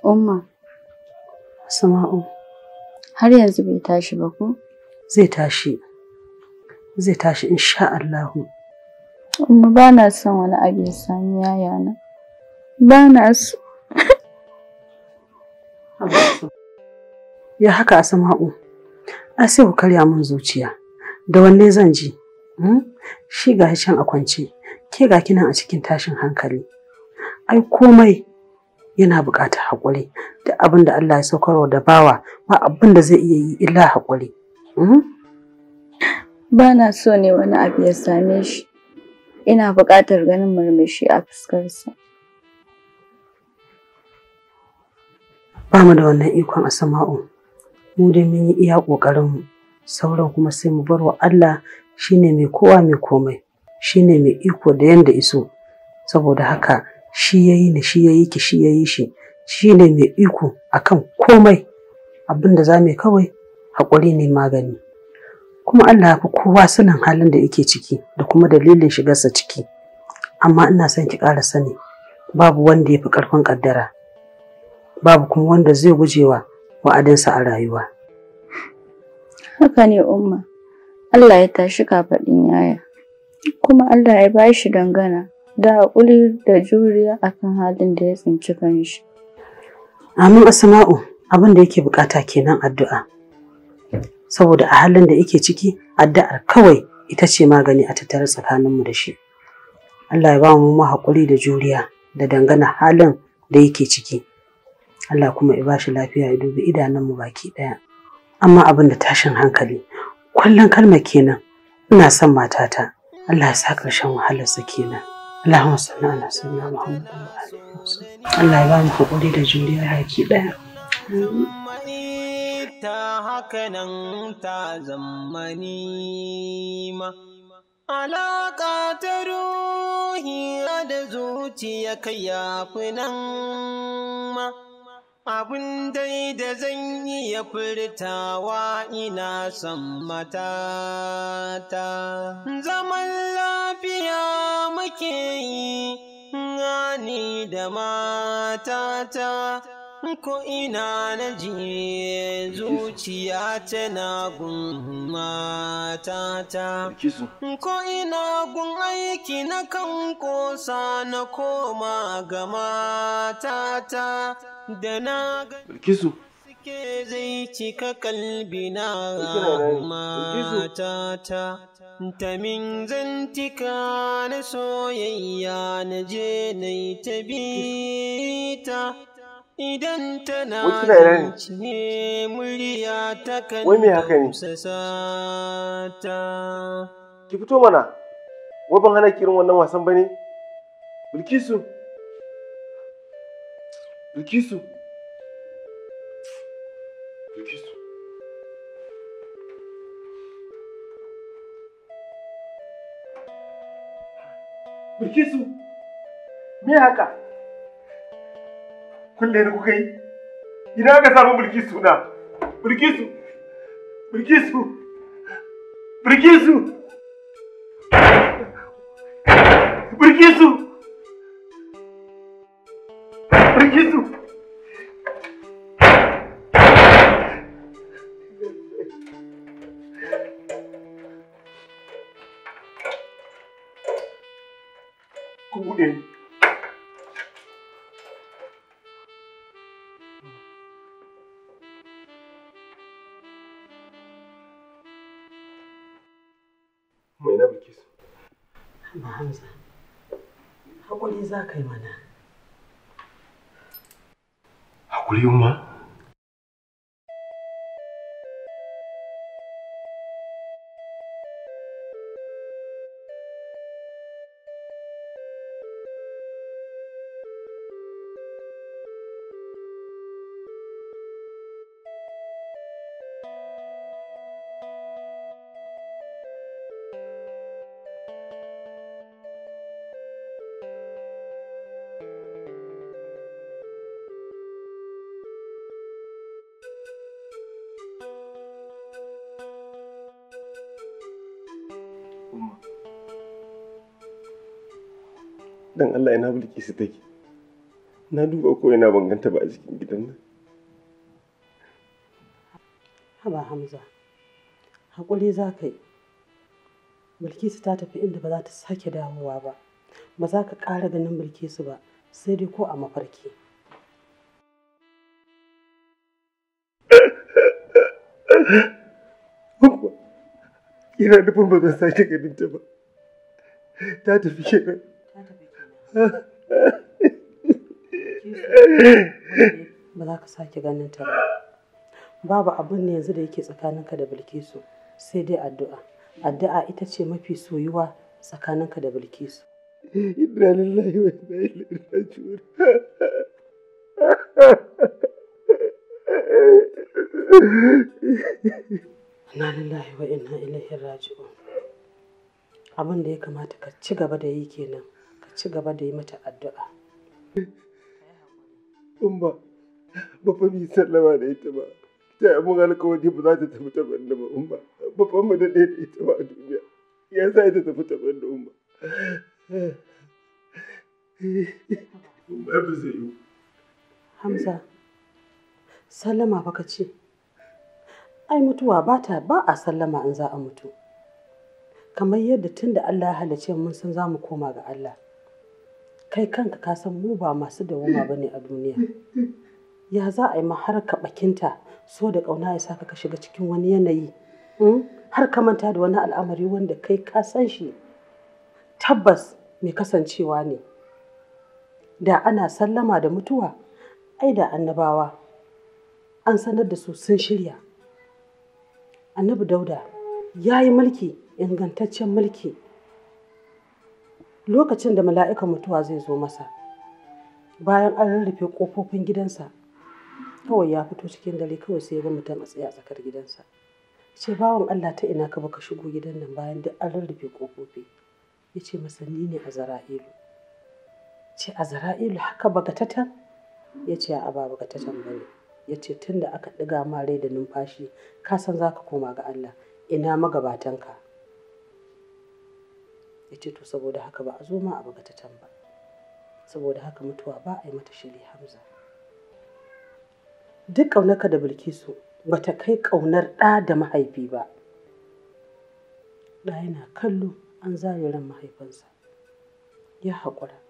Umma. Sama'u. Har yanzu bai tashi ba ko? Zai tashi. Zai tashi insha Allahu. Amma ba na son wani abin sami yaya na. Ba na (laughs) so. Ya haka a Sama'u. A sai ku karya min zuciya. Da wanne zan ji? Hmm? Shi ga can a kwance. Ke ga kinan a cikin tashin hankali. Ai komai yana buƙatar haƙuri da abin da Allah ya saukar da bawa ba abin da zai iya yi illa haƙuri. Hmm? Ba na so ne wani abu ya same shi, ina buƙatar ganin murmushi a fuskarsa. Ba mu da wannan ikon a sama'u, mu dai mun yi iya ƙoƙarinmu, sauran kuma sai mu bar wa Allah shine mai kowa mai komai, shine mai iko da yanda iso, saboda haka shi ya yi ni shi ya yi ki shi ya yi shi shi ne mai iko a kan komai abin da za mu yi kawai haƙuri ne magani kuma Allah ya fi kowa sanin halin da yake ciki da kuma dalilin shigarsa ciki amma ina son ki ƙara sani babu wanda ya fi ƙarfin ƙaddara babu kuma wanda zai gujewa wa'adinsa a rayuwa haka ne umma Allah ya tashi kafaɗin yaya kuma Allah ya bashi dangana da haƙuri da juriya a kan halin da ya tsinci kanshi. Amin Asma'u abin da yake bukata kenan addu'a. Saboda a halin da yake ciki addu'ar kawai ita ce magani a tattare tsakaninmu da shi. Allah ya ba mu haƙuri da juriya da dangana halin da yake ciki. Allah kuma ya ba shi lafiya ya dubi idanunmu baki ɗaya. Amma abin da tashin hankali, kullum kalmar kenan ina son matata. Allah ya sa ƙarshen wahalarsa kenan. Allahumma salli ala sayyidina Muhammad wa alihi Allah ya ba mu hakuri da juriya baki daya. Ta haka nan ta zammani ma Alaƙa ta ruhi da zuciya kai yafi nan ma Abun dai da zan yi ya furtawa ina son matata zaman lafiya muke yi ni da matata ko ina na ji zuciya tana gun matata ko ina gun aiki na kan kosa na koma ga matata da na ga suke zai cika kalbina matata ta min zantika na soyayya na je na ta bita idan tana ne murya ta kan wai me haka ne ki fito mana wai ban hana irin wannan wasan ne. bilkisu bilkisu bilkisu bilkisu me haka Kulle da kuka yi. Ina aka samu Bilkisu na? Bilkisu! Bilkisu! Bilkisu! Bilkisu! za ka yi mana. Hakuri umma? dan Allah ina bulki su take na duba ko ina banganta ba a cikin gidan nan haba hamza haƙuri za ka yi bilkisu ta tafi inda ba za ta sake damuwa ba ba za ka ƙara ganin bilkisu ba sai dai ko a mafarki Ina da ba zan sake ganin ta ba. Ta tafi kenan. ba. ba za ka sake ganin ta ba babu abin ne yanzu da yake tsakaninka da bilkisu sai dai addu'a addu'a ita ce mafi soyuwa tsakaninka da bilkisu inna lillahi wa inna wa abin da ya kamata ka ci gaba da yi kenan ci gaba da yi mata addu'a. Umma, ba fa mi sallama da ita ba. Ta yi mun alkawari ba za ta tafi ta banda ba, umma. Ba fa mu daɗe da ita ba a duniya. Ya sa ita tafi ta banda, umma. Umma Ba fi zai Hamza, sallama ba ka ce. Ai mutuwa ba ta ba a sallama in za a mutu. kamar yadda tun da Allah ya halice mun san za mu koma ga Allah kai kanka ka san mu ba masu dawoma ba ne a duniya ya za a yi ma har ka bakinta so da kauna ya saka ka shiga cikin wani yanayi hmm? har ka manta da wani al'amari wanda kai ka san shi tabbas mai kasancewa ne da ana sallama da mutuwa ai da annabawa an sanar da su sun shirya annabi dauda ya yi mulki ingantaccen mulki lokacin da mala'ikan mutuwa zai zo masa bayan an rarrafe ƙofofin gidansa kawai ya fito cikin dare kawai sai ya ga mutum a tsaye a tsakar gidansa ce bawan Allah ta ina ka baka shigo gidan nan bayan duk an rarrafe ƙofofi ya ce masa ni ne a zara'ilu ce a zara'ilu haka baka tatan ya ce a ba baka tatan ba ne ya ce tun da aka ɗiga ma rai da numfashi ka san za ka koma ga Allah ina magabatanka ya ce to saboda haka ba a zo ma a buga ta ba saboda haka mutuwa ba a yi mata shiri hamza duk ƙaunarka da bilkisu ba ta kai ƙaunar ɗa da mahaifi ba ɗa yana kallo an zare ran mahaifinsa ya haƙura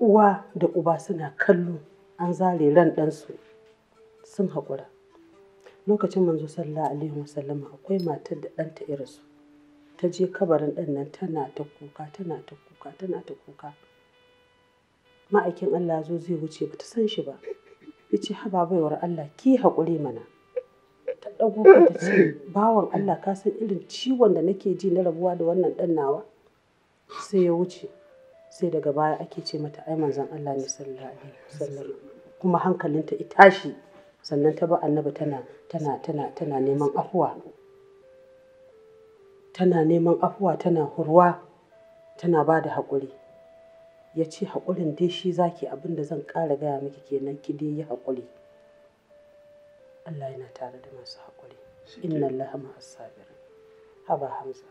uwa da uba suna kallo an zare ran ɗansu sun haƙura lokacin manzo sallallahu alaihi wasallama akwai matar da ɗanta irinsu ta je kabarin ɗan nan tana ta kuka tana ta kuka tana ta kuka ma'aikin Allah zo zai wuce ba ta san shi ba ya ce haba baiwar Allah ki haƙuri mana ta ɗago ta ce bawan Allah ka san irin ciwon da nake ji na rabuwa da wannan ɗan nawa sai ya wuce sai daga baya ake ce mata ai manzon Allah ne sallallahu alaihi wasallam kuma hankalinta ita tashi sannan ta ba annabi tana tana tana tana neman afuwa tana neman afuwa tana hurwa tana ba da haƙuri ya ce haƙurin dai shi zaki abin da zan ƙara gaya miki kenan ki dai yi haƙuri Allah yana tare da masu haƙuri inna Allah ma'as haba hamza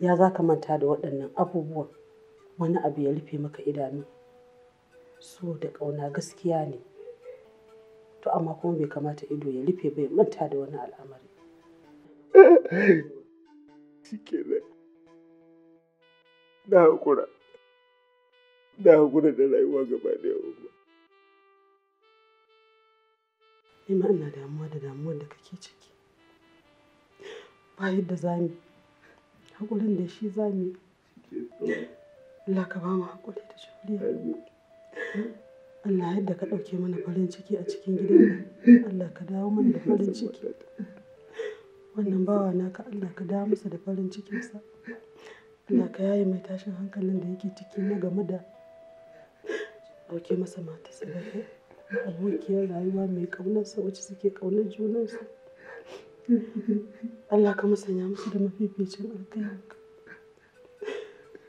ya za ka manta da waɗannan abubuwan wani abu ya rufe maka idanu so da ƙauna gaskiya ne to amma kuma bai kamata ido ya rufe bai manta da wani al'amari (laughs) shi kenan na hakura na hakura da rayuwa gaba da yawa ni ma ina damuwa da damuwar da kake ciki ba yadda za mu haƙurin da shi za mu Allah ka ba mu hakuri da juriya Allah yadda ka ɗauke mana farin ciki a cikin gidan nan Allah ka dawo mana da farin ciki wannan bawa naka Allah ka da masa da farin cikinsa Allah ka yaye mai tashin hankalin da yake ciki na game da dauke masa matarsa da abokiyar rayuwa mai sa wacce suke ƙaunar junansu Allah ka musanya musu da mafificin alkhairinka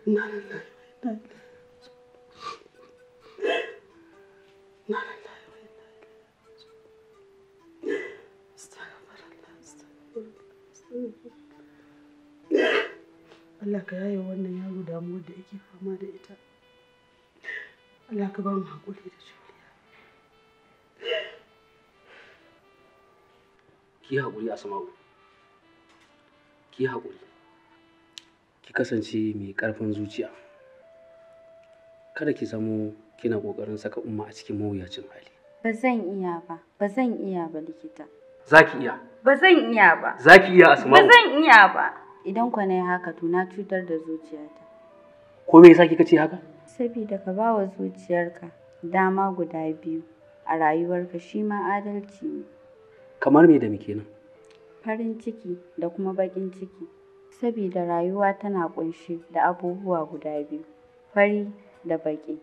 na na na na na Allah ka yaye wannan yaro damuwar da yake fama da ita. Allah ka ba mu haƙuri da juriya. Ki haƙuri Asma'u. Ki haƙuri. Ki kasance mai ƙarfin zuciya. Kada ki zamo kina ƙoƙarin saka umma a cikin mawuyacin hali. Ba zan iya ba, ba zan iya ba likita. Za ki iya. Ba zan iya ba. Za iya Asma'u. Ba zan iya ba. Idan ku na haka to na cutar da zuciyata. Ko me yasa kika ce haka? Saboda ka ba wa zuciyarka dama guda biyu a rayuwarka shi ma adalci ne. Kamar me da muke nan? Farin ciki da kuma baƙin ciki. Saboda rayuwa tana ƙunshe da abubuwa guda biyu, fari da baƙi.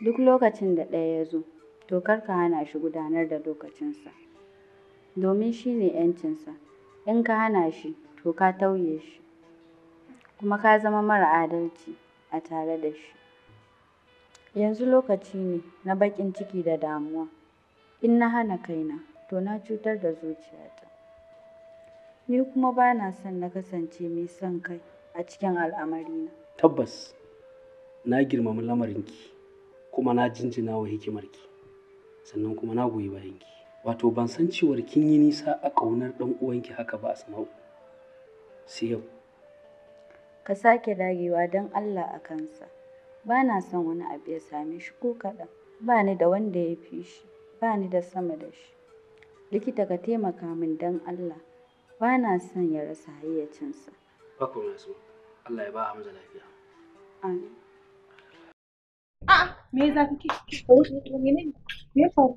Duk lokacin da ɗaya ya zo, to kar ka hana shi gudanar da lokacinsa. domin shi ne ‘yancinsa. In ka hana shi, to ka tauye shi, kuma ka zama mara adalci a tare da shi. Yanzu lokaci ne na baƙin ciki da damuwa. In na hana kaina, to na cutar da zuciyata. Ni kuma ba na son na kasance mai son kai a cikin al'amarina. Tabbas, na girmama lamarinki, kuma na jinjina wa hikimarki, sannan kuma na goyi bayanki. wato ban san cewar kin yi nisa a ƙaunar ɗan uwanki haka ba asma'u sai yau ka sake dagewa don allah a kansa ba na son wani abu ya same shi ko kaɗan ba ni da wanda ya fi shi ba ni da sama da shi likita ka taimaka min don allah ba na son ya rasa hayyacinsa ba ku so allah ya ba hamza lafiya amin a'a me za ka ke me ya faru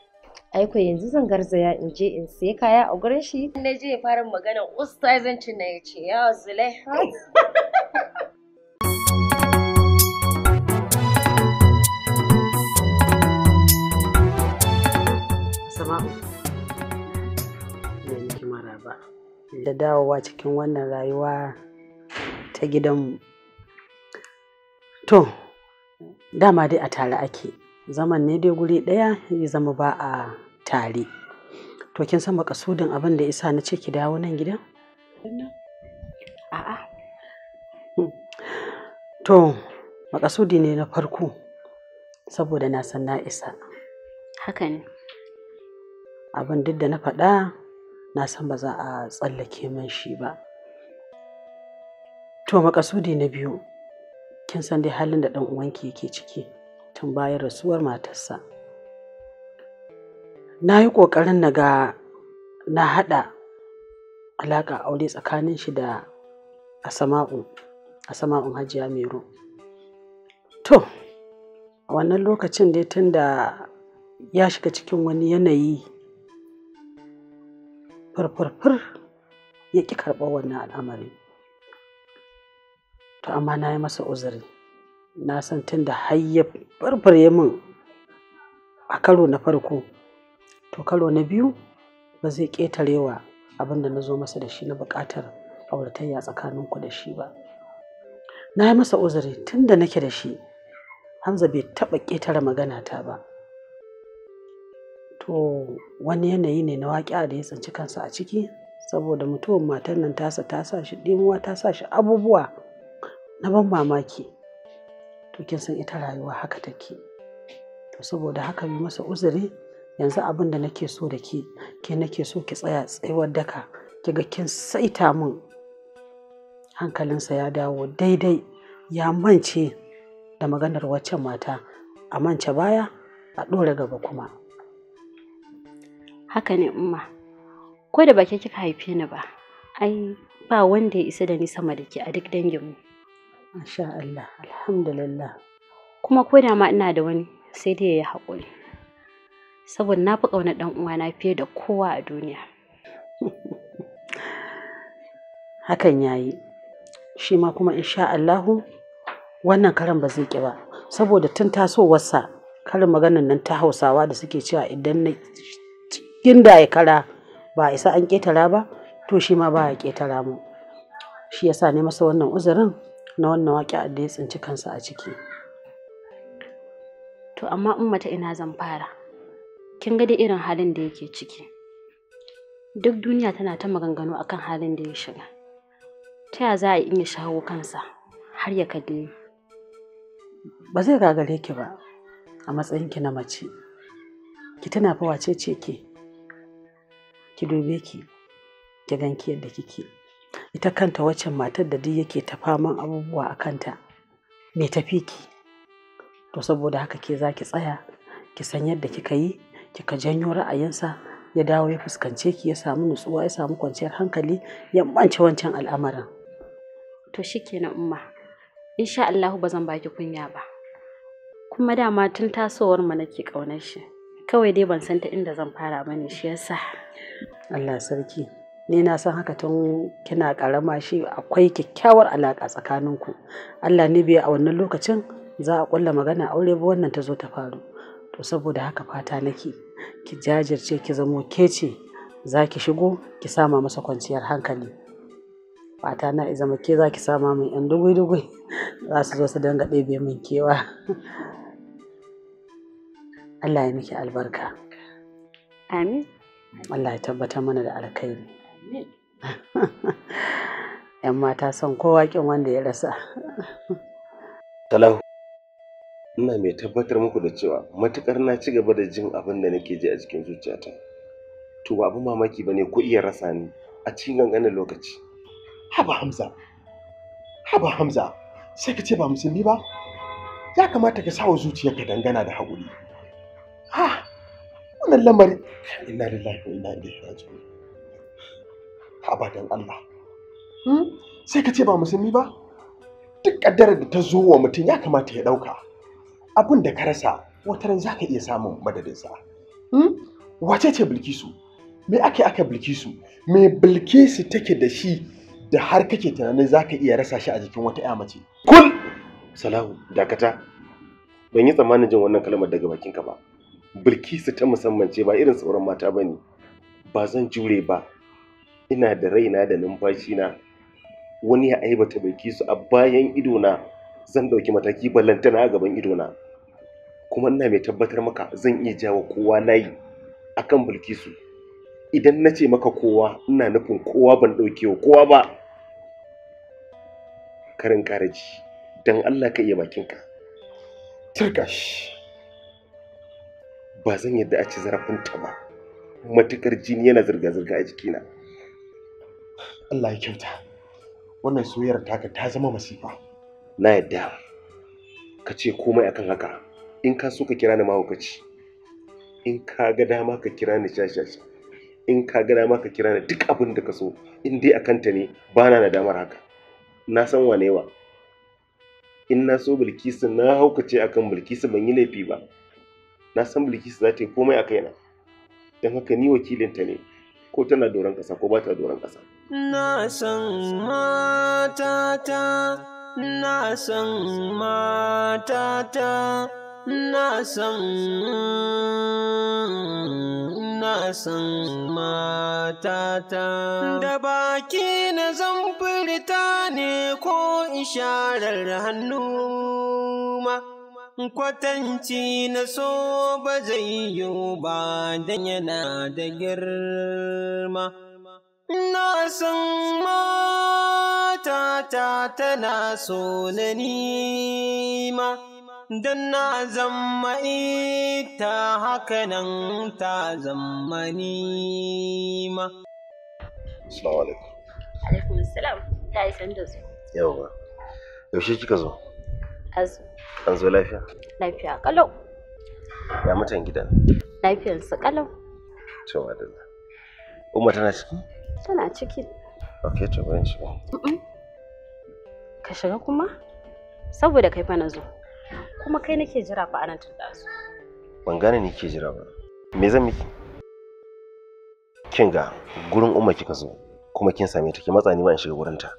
aiko yanzu zan garzaya in je in sai kaya a gurin shi na je fara magana ustazancin na ya ce ya zulai da dawowa cikin wannan rayuwa ta gidanmu to dama dai a tare ake zaman ne dai guri ɗaya ya zama ba a tare to kin san makasudin abin da isa na ce ki dawo nan gidan a'a to makasudi ne na farko saboda na san na isa haka ne abin duk da na faɗa na san ba za a tsallake min shi ba to makasudi na biyu kin san dai halin da ɗan uwanki yake ciki tun bayan rasuwar matarsa na yi ƙoƙarin na ga na haɗa alaƙa aure tsakanin shi da a sama'un hajiya mero to a wannan lokacin dai tun da ya shiga cikin wani yanayi farfarfar ya ƙi karɓar wannan al'amari to amma na yi masa uzuri na san tun da ya farfare min a karo na farko to karo na biyu ba zai ƙetarewa abin da na zo masa da shi na buƙatar auratayya tsakaninku da shi ba na yi masa uzuri tun da nake da shi hamza bai taɓa ƙetare magana ta ba to wani yanayi ne na waƙi da ya tsinci kansa a ciki saboda mutuwar matar nan tasa ta shi ɗimuwa ta sa shi abubuwa na ban mamaki to kin san ita rayuwa haka take to saboda haka yi masa uzuri yanzu abin da nake so da ke ke nake so ki tsaya tsayuwar daka ki ga kin saita min hankalinsa ya dawo daidai ya mance da maganar waccan mata a mance baya a ɗora gaba kuma haka ne umma ko da ba kika haife ni ba ai ba wanda ya isa da ni sama da ke a duk danginmu Masha Allah, alhamdulillah. Kuma ko da ma ina da wani sai dai ya haƙuri. Saboda na fi ƙaunar ɗan uwana fiye da kowa a duniya. (laughs) Hakan ya yi. Shi ma kuma insha Allahu wannan karan ba zai ƙi ba. Saboda tun tasowarsa karin maganar nan ta hausawa da suke cewa idan na dayakara ya kara ba isa an ƙetara ba to shi ma ba ya ƙetara mu. Shi yasa ne masa wannan uzurin na wannan waƙe da ya tsinci kansa a ciki. To amma in mata ina zan fara. Kin ga da irin halin da yake ciki. Duk duniya tana ta maganganu akan halin da ya shiga. Ta ya za a iya shawo kansa har ya kalle Ba zai gagare ki ba a matsayin ki na mace. Ki tana fa wace ce ke? Ki dube ki, ki ganki yadda kike. ita kanta waccan matar da duk yake ta faman abubuwa a kanta mai tafi ki to saboda haka ke za ki tsaya ki san yadda kika yi kika janyo ra'ayinsa ya dawo ya fuskance ki ya samu nutsuwa ya samu kwanciyar hankali ya mance wancan al'amarin to shikenan umma insha Allah ba zan baki kunya ba kuma dama tun tasowar mu nake kaunar shi kawai dai ban san ta inda zan fara bane shi yasa Allah sarki ni na san haka tun kina karama shi akwai kyakkyawar alaƙa tsakaninku Allah ne biya a wannan lokacin za a ƙulla magana aure ba wannan ta zo ta faru to saboda haka fata nake ki jajirce ki zamo kece za ki shigo ki sama masa kwanciyar hankali fata na i zama ke za ki sama min yan dugui-dugui za su zo su dinga ɗebe min kewa Allah ya miki albarka amin Allah ya tabbatar mana da alkhairi (laughs) ‘Yan mata son kowa kin wanda ya rasa. Salahu, ina mai tabbatar muku da cewa matukar na ci gaba da jin abin da nake ji a cikin zuciyata. To abin mamaki ba ne ko iya rasa ni a cikin ganganin lokaci. Haba Hamza, haba Hamza, sai ka ce ba musulmi ba? Ya kamata ka sawa zuciyarka dangana da haƙuri. Ha, ah, wannan lamari, ina lillahi wa ina ilaihi raji'un. abadan Allah hmm? sai ka ce ba musulmi ba duk ƙaddarar da ta zo wa mutum ya kamata ya ɗauka abin da ka rasa wata za ka iya samun madadinsa hmm? wace ce bilkisu me ake aka bilkisu me bilkisu take da shi da har kake tunanin za ka iya rasa shi a jikin wata ya mace kul salahu dakata ban yi tsammanin jin wannan kalmar daga bakinka ba bilkisu ta musamman ce ba irin sauran mata ba ne ba zan jure ba ina da raina da numfashina wani ya aibata bai su a bayan idona zan ɗauki mataki ballantana a gaban idona kuma ina mai tabbatar maka zan iya jawo kowa nayi akan bilkisu idan na ce maka kowa ina nufin kowa ban ɗauke wa kowa ba karin karaji don allah ka iya bakinka tarkash ba zan yadda a ci zarafinta ba matukar jini yana zirga-zirga a jikina. Allah ya kyauta wannan soyayyar taka ta zama masifa na yadda ka ce komai akan haka in ka so ka kira ni mahaukaci in ka ga dama ka kira ni shashasha in ka ga dama ka kira ni duk abin da ka so in dai akan ta ne ba na damar haka na san wane wa in na so bilkisu na haukace akan bilkisu ban yi laifi ba na san bilkisu za ta yi komai a kaina don haka ni wakilinta ne ko tana doron ƙasa ko ba ta doron ƙasa na san matata na san matata na san na san matata da baki na zan furta ne ko isharar hannu ma kwatanci na so ba zai yiwu ba dan yana da girma na san matata tana so na nima don na zama ita hakanan ta zama nima. Assalamu alaikum. Alaikum salam ta yi sanda su. Yawwa. Yaushe kika zo? Azu. An zo lafiya? Lafiya kalau. Ya mutan gidan? Lafiyansu kalau. Cewa da Umar tana ciki? Tana ciki. Ok, to ban shiga. Ka shiga kuma? Saboda kai fa na zo. Kuma kai nake jira fa anan tun da Ban gane ni ke jira ba. Me zan miki? Kin ga gurin Umma kika zo kuma kin same ta ki matsa ni ba in shiga gurin ta.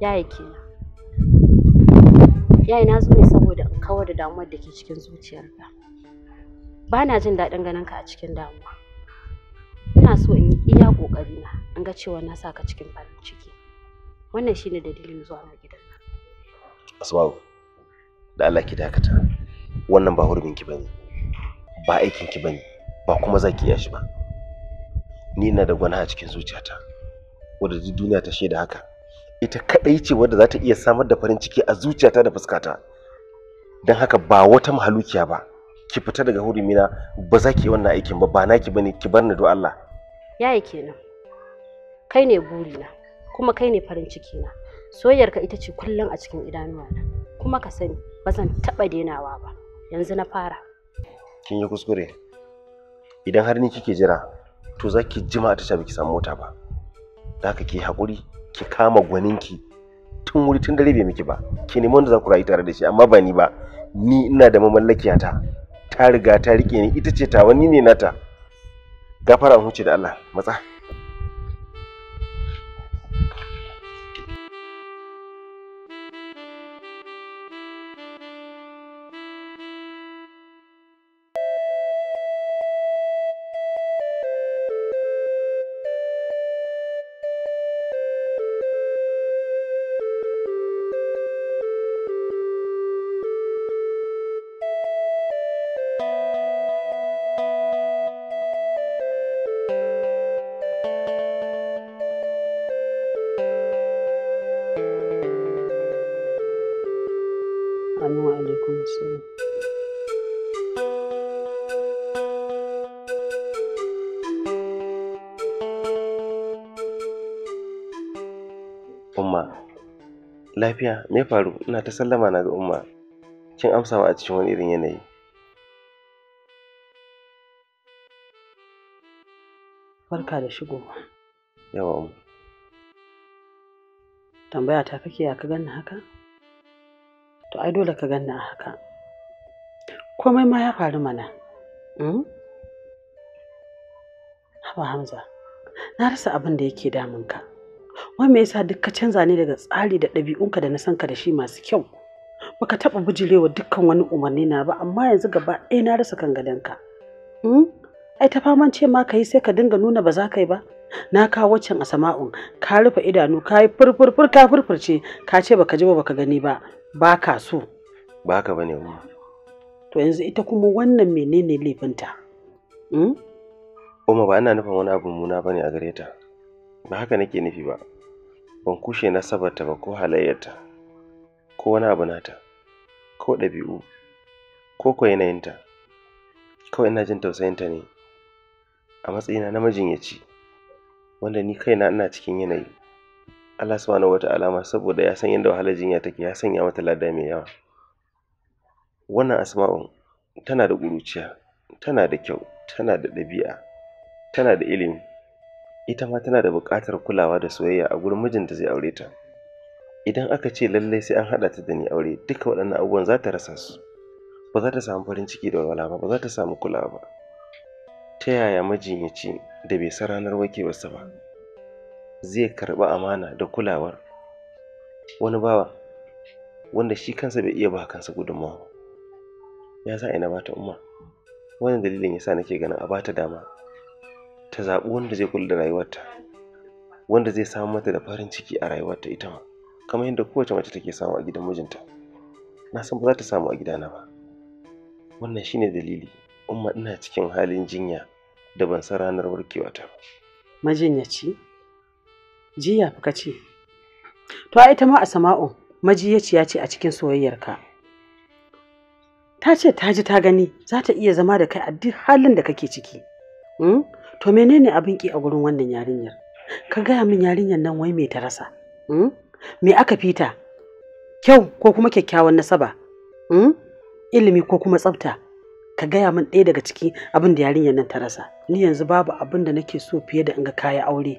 Yayi kenan. Yayi na zo ne saboda in kawar da damuwar da ke cikin zuciyarka. Ba na jin daɗin ganin ka a cikin damuwa. ina so in yi iya ƙoƙari na in ga cewa na saka cikin farin ciki wannan shine dalilin zuwa na gidan nan asma'u da Allah ki dakata wannan ba hurumin ki bane ba aikin ki bane ba kuma za ki iya shi ba ni ina da gwana a cikin zuciyata wanda duk duniya ta shaida haka ita kadai ce wadda za ta iya samar da farin ciki a zuciyata da fuskata don haka ba wata mahalukiya ba ki fita daga hurumina ba za ki yi wannan aikin ba ba naki bane ki bar ni do Allah yaya kenan kai ne burina kuma kai ne farin cikina soyayyarka ita ce kullum a cikin idanuwana kuma ka sani ba zan taɓa denawa ba yanzu na fara kin yi kuskure idan har ni kike jira to za ki jima a tasha ki samu mota ba da haka ki haƙuri ki kama gwaninki tun wuri tun dare bai miki ba ki nemi wanda za ku rayu tare da shi amma ba ni ba ni ina da mamallakiyata ta riga ta rike ni ita ce ta wani ne nata gafara huce da Allah matsa Lafiya, me faru? Ina ta sallama na ga Umma. Kin amsa a cikin wani irin yanayi. Barka da shigo. Yawa Umma. Tambaya ta kake ya ka ganna haka? To ai dole ka ganna haka. Komai ma ya faru mana. Hmm? Haba Hamza, na rasa abin da yake damunka. ka. wa me yasa duk ka canza ne daga tsari da ɗabi'unka da na san ka da shi masu kyau baka taɓa bujirewa dukkan wani umarni na ba amma yanzu gaba ɗaya na rasa kan gadonka hmm? ai ta faman ce ma ka yi sai ka dinga nuna ba za ka yi ba na kawo waccan a sama'un ka rufe idanu ka yi furfurfur ka furfurce ka ce baka ji ba baka gani ba ba ka so ba ka bane umma to yanzu ita kuma wannan menene laifinta hmm? umma ba ina nufin wani abu muna bane a gare ba haka nake nufi ba ban kushe nasabarta ba ko halayyarta ko wani abu nata ko ɗabi'u ko ko yanayinta kawai ina jin tausayinta ne a matsayina na majinyaci wanda ni kaina ina cikin yanayi Allah subhanahu wata ma saboda ya san yadda wahalar jinya take ya sanya mata lada mai yawa wannan asma'u tana da ƙuruciya tana da kyau tana da ɗabi'a tana da ilimi ita ma tana da buƙatar kulawa da soyayya a gurin mijin da zai aure ta idan aka ce lallai sai an haɗa ta da ni aure duka waɗannan abubuwan za ta rasa su ba za ta samu farin ciki da walwala ba ba za ta samu kulawa ba ta yaya mijin ya ce da bai san ranar wakewarsa ba zai karɓi amana da kulawar wani bawa wanda shi kansa bai iya ba kansa gudunmawa ya sa ina bata umma wannan dalilin ya yasa nake ganin a ba ta dama ta zaɓi wanda zai kula da rayuwarta wanda zai samu mata da farin ciki a rayuwarta ita ma kamar yadda kowace mace take samu a gidan mijinta na san ba za ta samu a gidana ba wannan shine dalili umma ina cikin halin jinya da ban san ranar warkewata ba majinyaci jiya fa kace to a ita ma a majiyaci majiyaciya ce a cikin soyayyarka ta ce ta ji ta gani za ta iya zama da kai a duk halin da kake ciki hmm? to menene abin ki a gurin wannan yarinyar ka gaya min yarinyar nan wai me ta rasa hmm? me aka fita kyau ko kuma kyakkyawan nasaba hmm? ilimi ko kuma tsafta ka gaya min ɗaya daga ciki abin da yarinyar nan ta rasa ni yanzu babu abin da nake so fiye da in ga kaya aure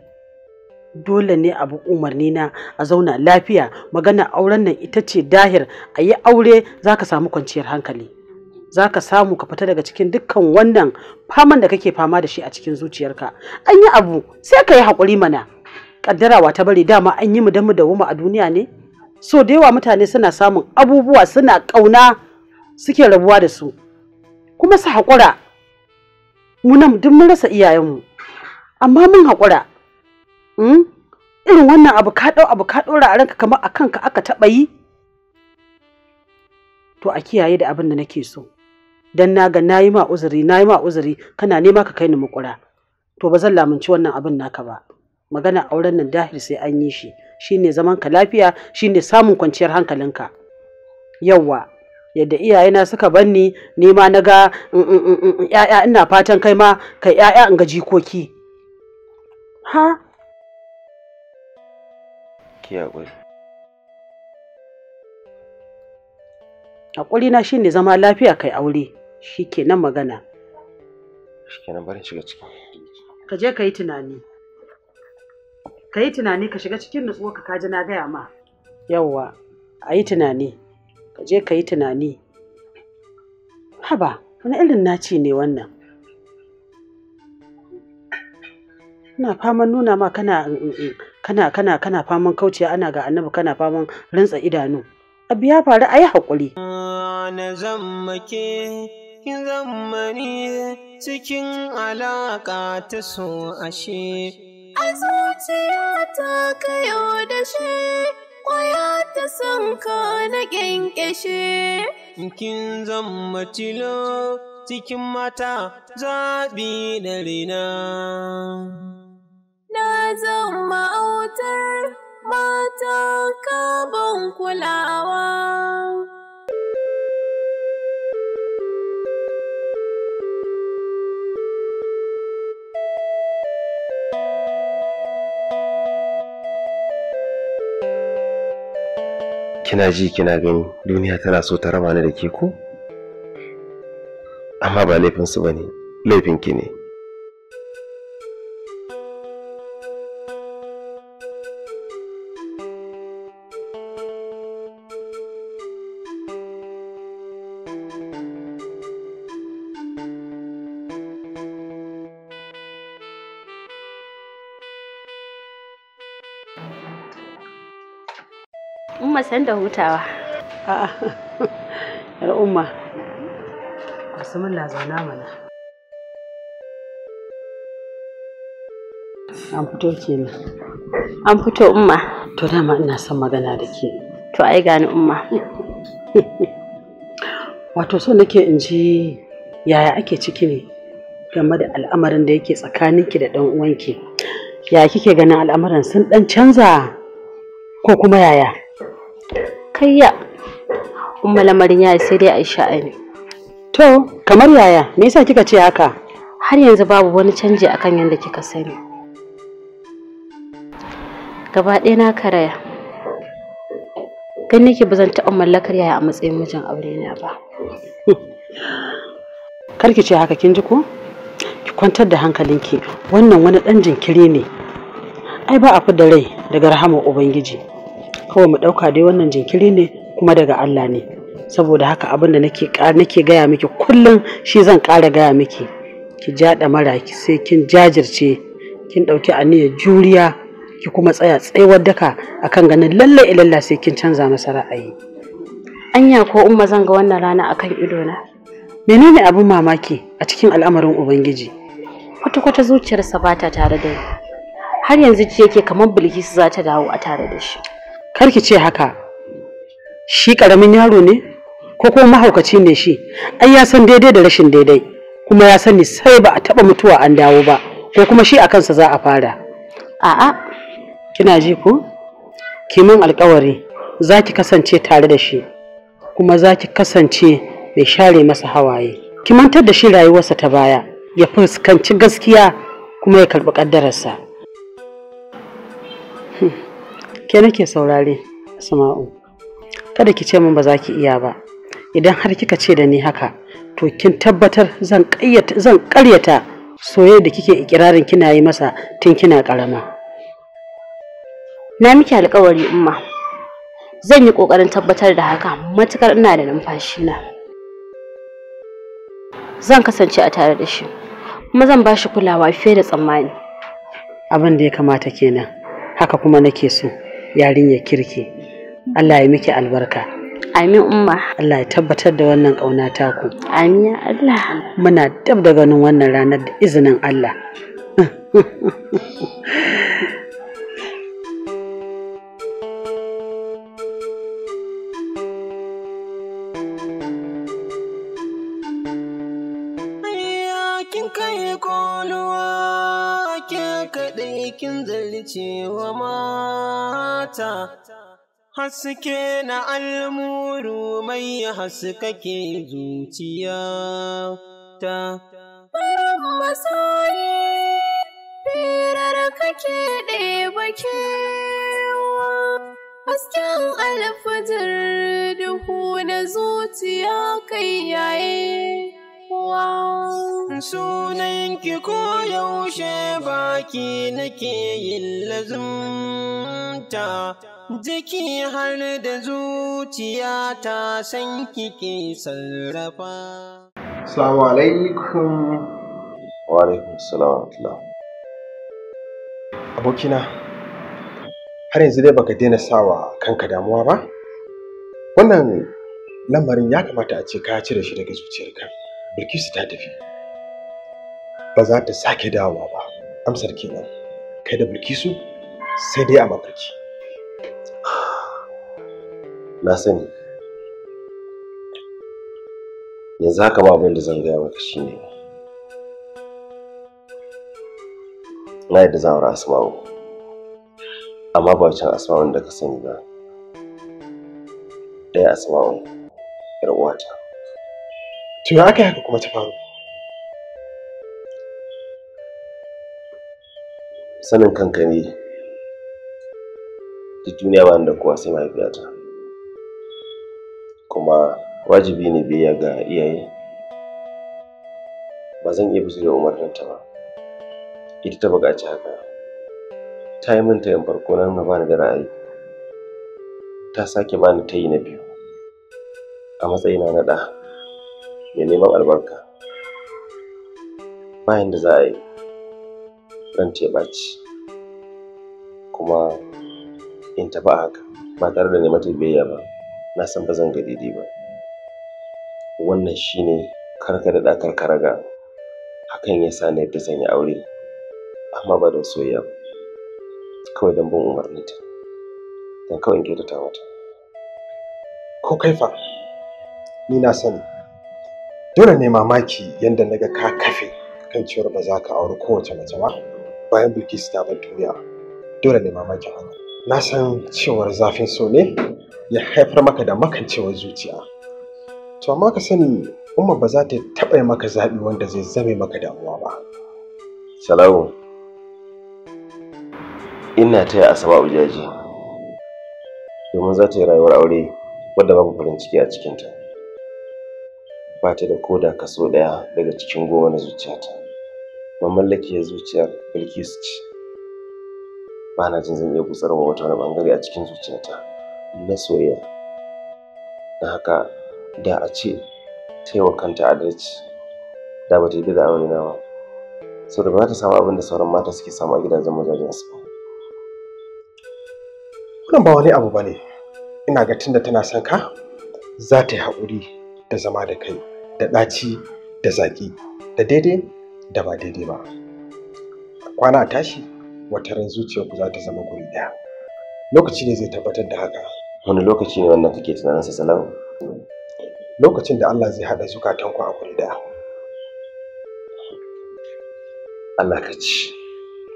dole ne abu umarni na a zauna lafiya magana auren nan ita ce dahir a yi aure za ka samu kwanciyar hankali za ka samu ka fita daga cikin dukkan wannan faman da kake fama da shi a cikin zuciyarka an yi abu sai ka yi haƙuri mana ƙaddarawa ta bari dama an yi mu da mu wuma a duniya ne so da yawa mutane suna samun abubuwa suna ƙauna suke rabuwa da su kuma su haƙura munan duk mun rasa iyayenmu amma mun haƙura hmm? irin wannan abu ka ɗau abu ka ɗora a ranka kamar a kanka aka taɓa yi to a kiyaye da abin da nake so dan na ga nayi ma uzuri nayi ma uzuri kana nema ka kai ni mukura to ba zan lamunci wannan abin naka ba magana auren nan dahir sai an yi shi shine zaman ka lafiya shine samun kwanciyar hankalinka yawwa yadda iyayena suka banni ni ma na ga mm, mm, mm, ya'ya ina fatan kai ma kai ya'ya in ga jikoki ha ki hakuri hakuri na shine zama lafiya kai aure shi nan magana shi nan barin shiga ciki ka je ka yi tunani ka yi tunani ka shiga cikin nutsuwa ka kaji na gaya ma yawwa a yi tunani ka je ka yi tunani haba wani irin naci ne wannan Ina faman nuna ma kana mm, mm, mm, kana kana kana faman kauciya ana ga annabi kana faman rantsa idanu abu ya faru a yi haƙuri na make cikin zamani cikin alaƙa ta so ashe. A zuciya ta kayo da shi, ƙwaya ta son ka na ƙyanƙyashe. Kin zama tilo cikin mata zaɓi da rina. Na zama autar mata kaban kulawa. kina ji kina gani duniya tana so ta raba ni da ke ko amma ba laifinsu ba ne ki ne San da hutawa. A'a. (laughs) Yar umma. mun zauna mana. An fito kenan. An fito umma. To dama ina son magana da ke. To ai gani umma. (laughs) Wato so nake in ji yaya ake ciki ne game da al'amarin da yake tsakaninki da ɗan uwanki. Ya kike ganin al'amuran sun ɗan canza ko kuma yaya? kayya umma lamarin ya sai dai a sha'ani to kamar yaya me yasa kika ce haka har yanzu babu wani canji akan yadda kika sani gaba ɗaya na karaya gani nake ba zan taɓa mallakar yaya a matsayin mijin aure na ba (laughs) Kar ki ce haka kin ji ko ki kwantar da hankalinki wannan wani ɗan jinkiri ne ai ba a fi da rai daga rahamar ubangiji kawai mu ɗauka dai wannan jinkiri ne kuma daga Allah ne saboda haka abin da nake nake gaya miki kullum shi zan ƙara gaya miki ki ja mara ki sai kin jajirce kin ɗauki aniyar juriya ki kuma tsaya tsayuwar daka akan ganin lalle ilalla sai kin canza masa ra'ayi anya ko umma zan ga wannan rana akan ido na menene abin mamaki a cikin al'amarin ubangiji kwata-kwata zuciyarsa ba ta tare da har yanzu ji yake kamar bilkisu za ta dawo a tare da shi Kar ki ce haka shi ƙaramin yaro ne ko kuma mahaukaci ne shi ai ya san daidai da rashin daidai kuma ya sani sai ba a taɓa mutuwa an dawo ba ko kuma shi a kansa za a fara a'a kina ji Ki kimin alkawari za ki kasance tare da shi kuma za ki kasance mai share masa hawaye ki mantar da shi rayuwarsa ta baya ya fuskanci gaskiya kuma ya karɓi ƙaddararsa ke nake saurare sama'u kada ki ce min ba za ki iya ba idan har kika ce da ni haka to kin tabbatar zan karyata soyayya da kike ikirarin kina yi masa tun kina karama na miki alkawari umma zan yi kokarin tabbatar da haka matukar ina da numfashi na zan kasance a tare da shi kuma zan ba kulawa fiye da tsammani abin da ya kamata kenan haka kuma nake so yarinyar kirki Allah ya miki albarka Amin umma Allah ya tabbatar da wannan ƙauna taku Amin Allah muna dab da ganin wannan ranar da izinin Allah kai koluwa kaɗai kin zarce wa mata. Haske na almuru mai haska ke zuciya ta. Barin firar kake ɗaya kewa. Hasken alfajar duhu na zuciya kai yaye. kuwa Sunan ki koyaushe baki nake yin lazumta, jiki har da zuciya ta san kike sarrafa. Salamu alaikum. Wa alaikum salam Abokina, har yanzu dai baka daina sawa kanka damuwa ba? Wannan lamarin ya kamata a ce ka cire shi daga zuciyarka. Bilkisu ta tafi. Ba za ta sake dawowa ba. Amsar kenan. Kai da Bilkisu sai dai a mafarki. Na sani. Yanzu haka ba abin da zan gaya maka shine. Na yadda a aure Asma'u. Amma ba can Asma'un da ka sani ba. Ɗaya Asma'u 'yar uwata. to ya aka yi haka kuma ta faru sanin kanka ne duk duniya ba da kowa sai mahaifiyata kuma wajibi ne biya ga iyaye ba zan iya bisu da umarninta ba ita ta buƙaci haka ta yi min tayin farko na nuna bani da ra'ayi ta sake bani tayi na biyu a matsayina na ɗa mai neman albarka Bayan da za a yi ranta ya ɓaci kuma in tafi a haka ba tare da neman biyayya ba na san ba zan ga daidai ba wannan shine karka daɗa karka raga hakan ya sa na yadda zan yi aure amma ba don soyayya ba kawai don bin umarninta don kawai in kyautata mata ko kai fa ni na sani dole ne mamaki yadda na ga ka kafe kan cewar ba za ka auri kowace mace ba bayan bilkisu ta bar duniya dole ne mamakin haka na san cewar zafin so ne ya haifar maka da makancewar zuciya to amma ka sani umma ba za ta taɓa maka zaɓi wanda zai zame maka damuwa ba salamu ina taya asaba ujaji domin za ta yi rayuwar aure wadda babu farin ciki a cikinta ba ta da koda kaso ɗaya daga cikin goma na zuciyata mallake zuciyar bilkisu ce ba na jin zan iya wa wata wani bangare a cikin zuciyata na soyayya da haka da a ce taiwa kanta adalci da ba ta yi da a wani nama. saboda ba ta samu abin da sauran mata suke samu a gidajen mazajen su ba wannan ba wani abu ba ne ina ga tunda tana son ka za ta yi haƙuri da zama da kai da ɗaci da zaƙi da daidai da ba daidai ba kwana a tashi wata ran zuciyarku za ta zama guri ɗaya lokaci ne zai tabbatar da haka wani lokaci ne wannan kake tunanin sa salam lokacin da Allah zai haɗa zukatan ku a guri ɗaya Allah ka ci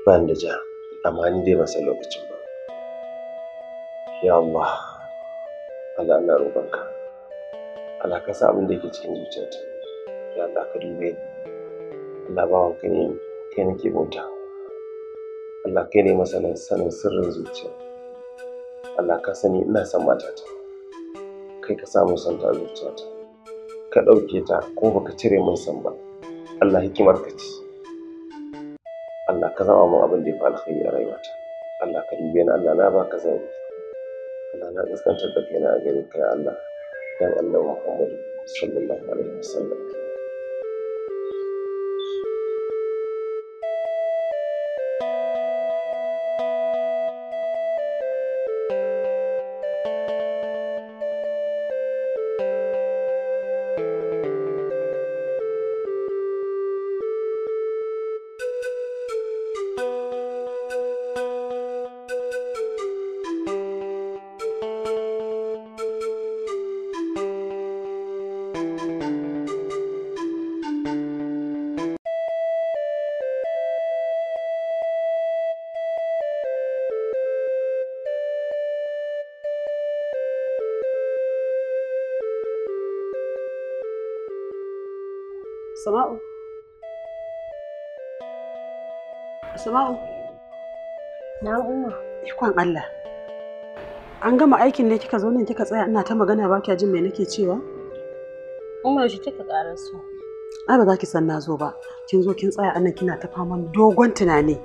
ba da ja amma ni dai ban san lokacin ba ya Allah Allah na roƙonka Allah ka san abin da yake cikin zuciyata ya Allah ka dube ni Allah bawan ka ne kai nake bauta Allah kai ne masanin sanin sirrin zuciya Allah ka sani ina son matata kai ka samu son ta zuciyata ka ɗauke ta ko baka cire min son ba Allah hikimar ka ci Allah ka zama min abin da ya fi alkhairi a rayuwata Allah ka dube ni Allah na baka zai Allah na kaskantar da kai a gari ka ya Allah كان أنه محمد صلى الله عليه وسلم ikon Allah. An gama aikin ne kika zo nan kika tsaya ina ta magana ba kya jin me nake cewa? Umar shi kika ƙara so. Ai ba za ki san na zo ba. Kin zo kin tsaya anan kina ta faman dogon tunani.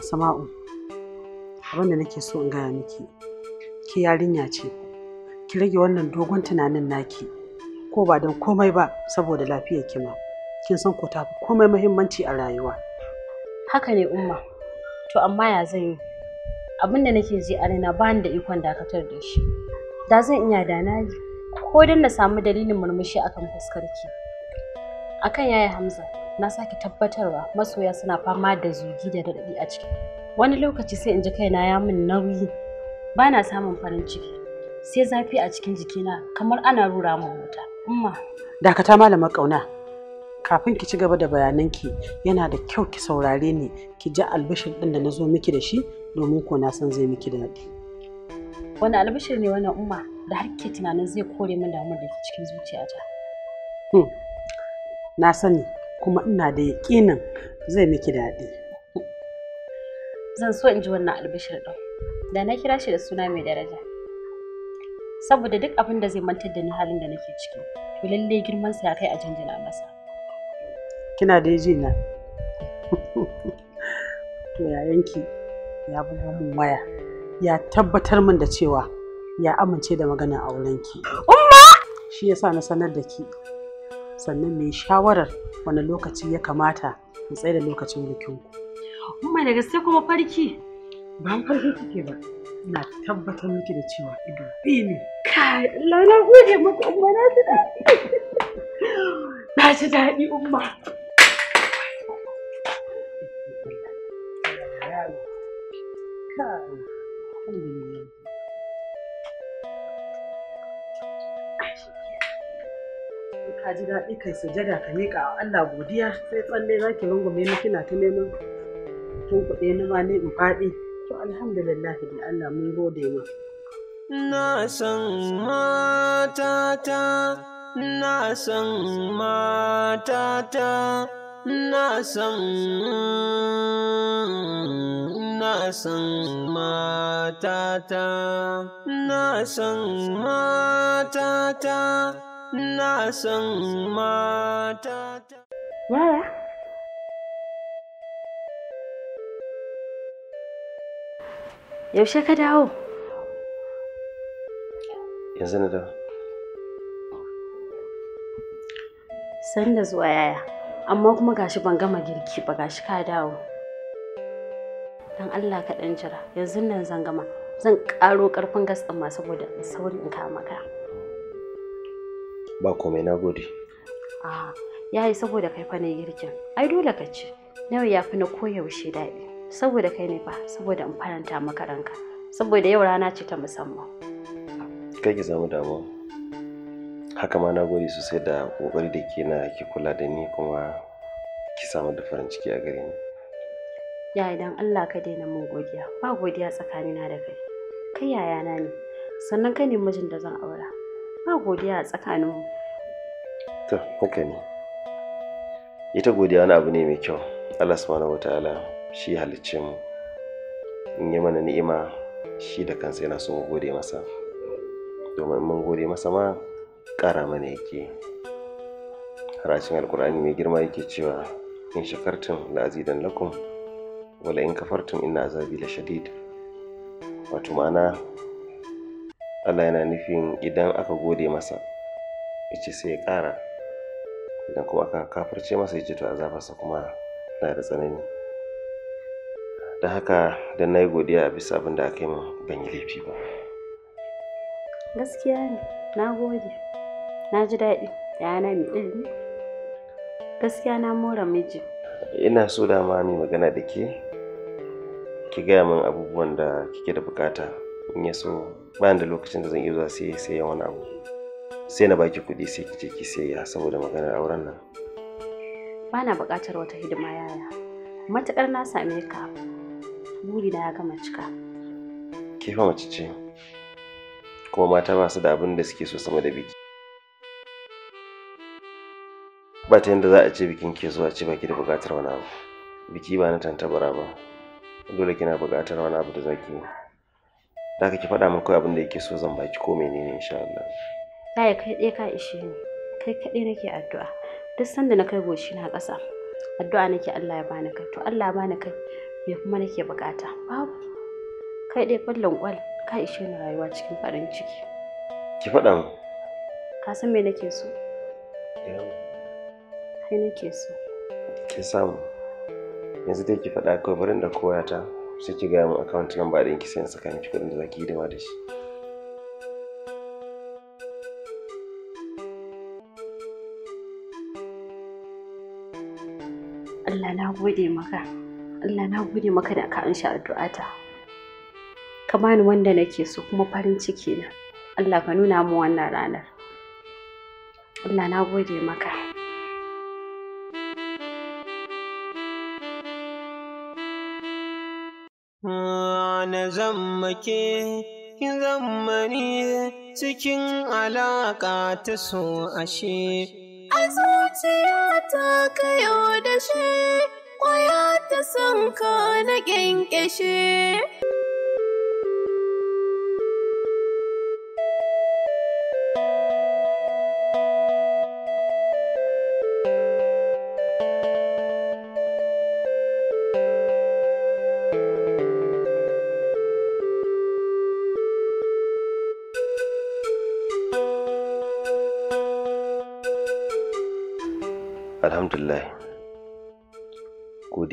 Sama'u. Abin da nake so in gaya miki. Ki yarinya ce. Ki rage wannan dogon tunanin naki. Ko ba don komai ba saboda lafiyar ki ma. Kin san ko tafi komai muhimmanci a rayuwa. Haka ne Umma. To amma ya zan yi? abinda nake ji a raina ba da ikon dakatar da shi da zan iya da na yi ko don na samu dalilin murmushi akan fuskarki akan yaya hamza na sake tabbatarwa masoya suna fama da zugi da daɗaɗi a ciki wani lokaci sai in ji kaina ya min nauyi ba na samun farin ciki sai zafi a cikin jikina kamar ana rura min wuta umma dakata malama kauna kafin ki ci gaba da bayananki yana da kyau ki saurare ni ki ji albishin ɗin da na zo miki da shi domin ko na san zai miki daɗi. Wani albishir ne wannan umma da har ke tunanin zai kore min damar da ke cikin zuciyata. Hmm, na sani kuma ina da yaƙinin zai miki daɗi. Zan so in ji wannan albishir ɗin. Da na kira shi da suna mai daraja. Saboda duk abin da zai mantar da ni halin da nake ciki, to lallai girmansa ya kai a jinjina masa. Kina da yaji na. (laughs) to yayanki ya buga mun waya ya tabbatar min da cewa ya amince da maganar aurenki. Umma! Shi yasa na sanar da ki. Sannan mai shawarar wani lokaci ya kamata mu tsaye da lokacin bikinku. Umma da gaske kuma farki. Ba farki kike ba. Ina tabbatar miki da cewa ido bi ne. Kai, Allah na gode muku umma na ji daɗi. Na ji daɗi umma. kai alhamdulillah daɗi kai sujada ka miƙa wa Allah godiya sai tsalle za ki rungume ni kina ta neman tun kuɗe ni ma ni in faɗi to alhamdulillah da Allah mun gode ma na san matata na san matata na san na san matata na san matata na san matata yaya yaushe ka dawo yanzu na dawo sanda zuwa yaya amma kuma gashi ban gama girki ba gashi ka dawo dan Allah ka dan jira yanzu nan zan gama zan karo karfin gas din ma saboda in sauri in kama ka ba komai na gode ah yayi saboda kai fa ne girkin ai dole ka ci nawa ya fi na koyaushe daɗi saboda kai ne fa saboda in faranta maka ranka saboda yau rana ce ta musamman kai ki samu damuwa haka ma na gode sosai da kokari da ke na ki kula da ni kuma ki samu da farin ciki a gare ni ya idan Allah ka daina mun godiya ba godiya tsakanina da kai kai yayana ne sannan kai ne mijin da zan aura ba godiya a tsakaninmu to haka ne ita godiya wani abu ne mai kyau Allah subhanahu wataala shi halicce mu in yi mana ni'ima shi da kansa yana so mu gode masa domin mun gode masa ma ƙara mana yake harashin alkur'ani mai girma yake cewa in shakartun la'azidan lakum wala in kafartum ina azabi la shadid wato ma'ana Allah yana nufin idan aka gode masa yace sai ya ƙara idan kuma aka kafarce masa yace to azabarsa kuma na da tsanani da haka da na yi godiya a bisa abin da aka yi min ban yi laifi ba gaskiya ne na gode na ji daɗi yana mai ilimi gaskiya na more miji ina so da ma mai magana da ke ki gaya min abubuwan da kike da bukata in ya so bayan da lokacin da zan iya zuwa sai sai wani abu sai na baki kuɗi sai ki je ki sayya saboda maganar auren nan ba na buƙatar wata hidima yaya matakar na same ka burina ya gama cika ke fa mace ce kuma mata ba su da abin da suke so sama da biki ba ta yadda za a ce bikin ke zuwa ce baki da buƙatar wani abu biki ba na tantabara ba dole kina buƙatar wani abu da zaki yi da ki faɗa min kawai abin da yake so zan baki ko menene insha Allah kai kai dai ka ishe ni kai kaɗai nake addu'a duk sanda na kai goshi na ƙasa addu'a nake Allah ya bani kai to Allah ya bani kai me kuma nake buƙata babu kai dai fallon kwal ka ishe ni rayuwa cikin farin ciki ki faɗa mu ka san me nake so kai nake so ki samu yanzu dai ki faɗa kawai barin da koyata, sai ki gaya mu account number din ki sai in saka miki kuɗin da zaki yi da ma da shi Allah na gode maka Allah na gode maka da ka ansha addu'ata ka bani wanda nake so kuma farin ciki na Allah ka nuna mu wannan ranar Allah na gode maka na zammake kin zammani cikin alaƙa ta so ashe a zuciya ta kayo da shi ƙwaya ta son ka na ƙyanƙyashe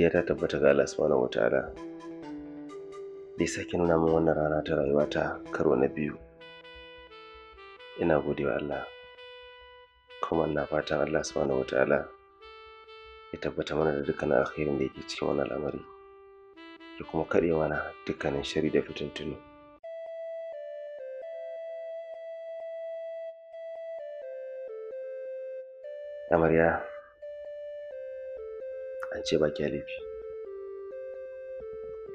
godiya ta tabbata ga Allah subhanahu wataala da ya sake nuna min wannan rana ta rayuwa ta karo na biyu ina gode wa Allah kuma ina fatan Allah subhanahu wataala ya tabbata mana da dukkanin alkhairin da yake cikin wannan al'amari ya kuma kaɗe mana dukkanin shari da fitintunu amarya an ce ba kya laifi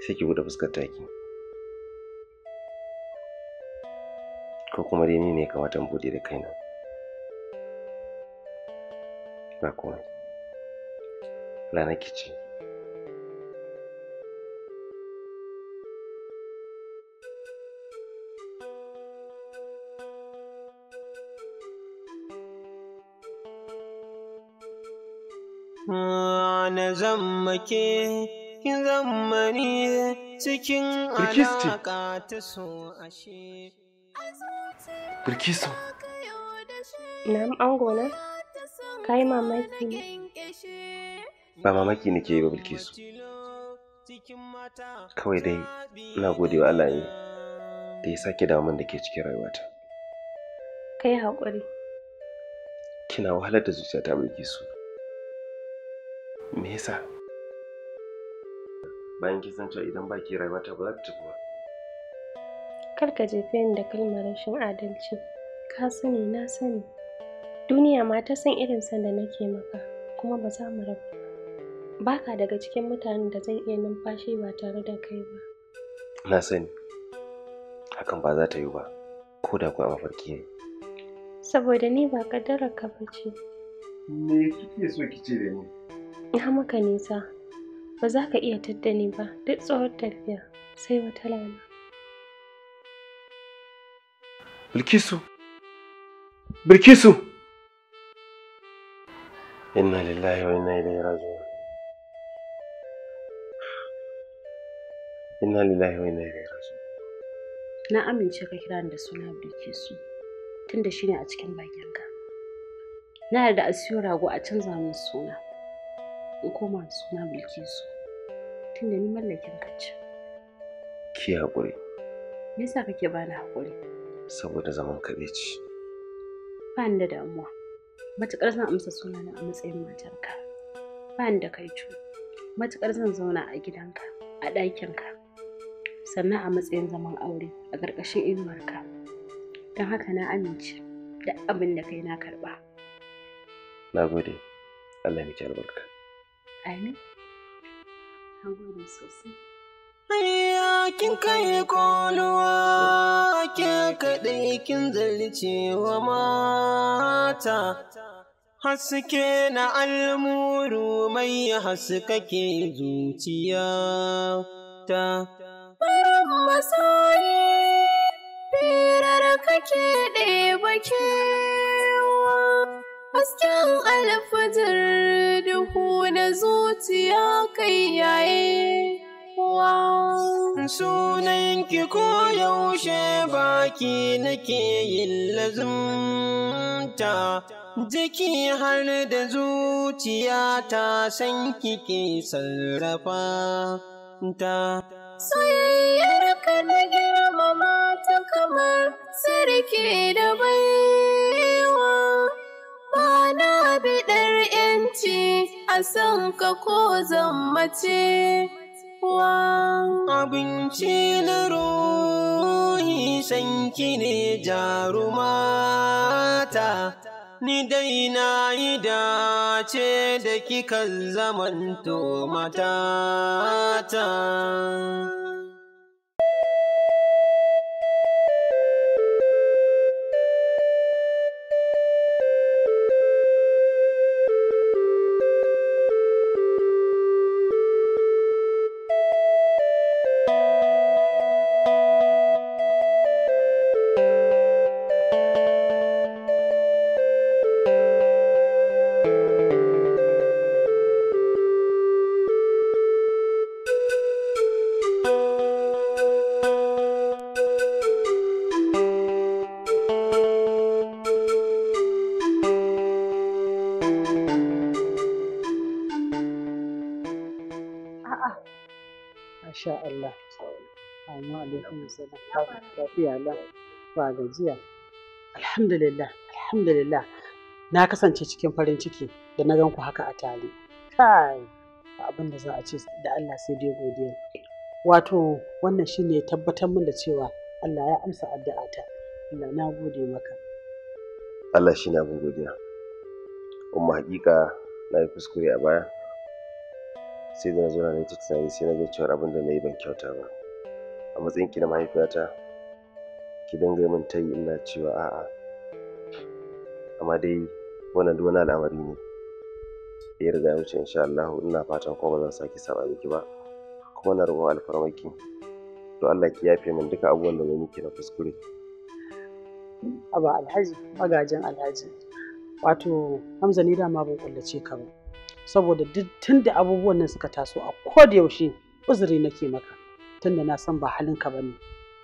sai ki bude fuskar taki ko kuma dai ni ne kamata in buɗe da kaina na ki ci. na zammake kin zammani cikin alaƙa ta so ashe Birkisu Na'am ango na kai mamaki ba mamaki nake yi ba Bilkisu kawai dai ina gode wa Allah ne da ya sake damun da ke cikin rayuwata kai haƙuri kina wahalar da zuciyata Bilkisu me yasa bayan kin san cewa idan baki rayuwa ta ba za ta tafi ba kar ka jefe ni da kalmar rashin adalci ka sani na sani duniya ma ta san irin san da nake maka kuma ba za mu rabu baka daga cikin mutanen da zan iya numfashi ba tare da kai ba na sani hakan ba za ta yiwu ba ko da kuwa mafarki ne saboda ni ba kaddarar ka bace me kike so ki ce da ni ya maka nisa ba za ka iya tadda ba duk tsawon tafiya sai wata rana bilkisu bilkisu inna lillahi wa inna ilaihi raji'un inna lillahi wa inna ilaihi raji'un na amince ka kira ni da suna bilkisu tunda shine a cikin bakinka na yarda a siyo rago a canza min suna koma da suna bilkisu tunda ni mallakin kacce ki haƙuri me yasa kake bani haƙuri saboda zaman kaɗai ce ba ni da damuwa matukar zan amsa sunana a matsayin matarka ba ni da cu matukar zan zauna a gidanka a ɗakinka sannan a matsayin zaman aure a ƙarƙashin inuwarka don haka na amince da abin da kai na karɓa na gode allah miki albarka Amin. Hagode sosai. Kin kai konuwa ke kaɗai kin zarce wa mata, haske na almuru mai haskake zuciya ta. Barin masori, firar kake ɗaya bake. hasken alfajar duhu na zuciya kai yaye kowa. Sunan ki ko yaushe baki nake yin lazumta, jiki har da zuciya ta san kike sarrafa ta. Soyayyar ka na girmama ta kamar sarki da baiwa. na bi bidar yanci a san ka ko zammace wa abinci na ruhi sanki ne jarumata ni dai na yi dace da kikan zamanto matata Assalamu alaikum salam. Lafiya lau. Ba gajiya. Alhamdulillah, alhamdulillah. Na kasance cikin farin ciki da na ganku haka a tare. Kai, abin da za a ce da Allah sai dai godiya. Wato wannan shine tabbatar min da cewa Allah ya amsa addu'ata. Allah na gode maka. Allah shi ne abin godiya. Umma hakika na yi kuskure a baya. Sai da na zo na ta tunani sai na ga cewa abin da na yi ban kyauta ba. a matsayin ki na mahaifiyata ki dinga min tayi ina cewa a'a amma dai wannan duk wani al'amari ne ya riga ya wuce insha Allah ina fatan kuma ba zan saki saba miki ba kuma na roƙon alfarmaki to Allah ki yafe min duka abubuwan da na miki na kuskure aba alhaji magajin alhaji wato hamza ni dama ban kullace ka ba saboda duk tunda abubuwan nan suka taso a koda yaushe uzuri nake maka da na san ba halinka ba ne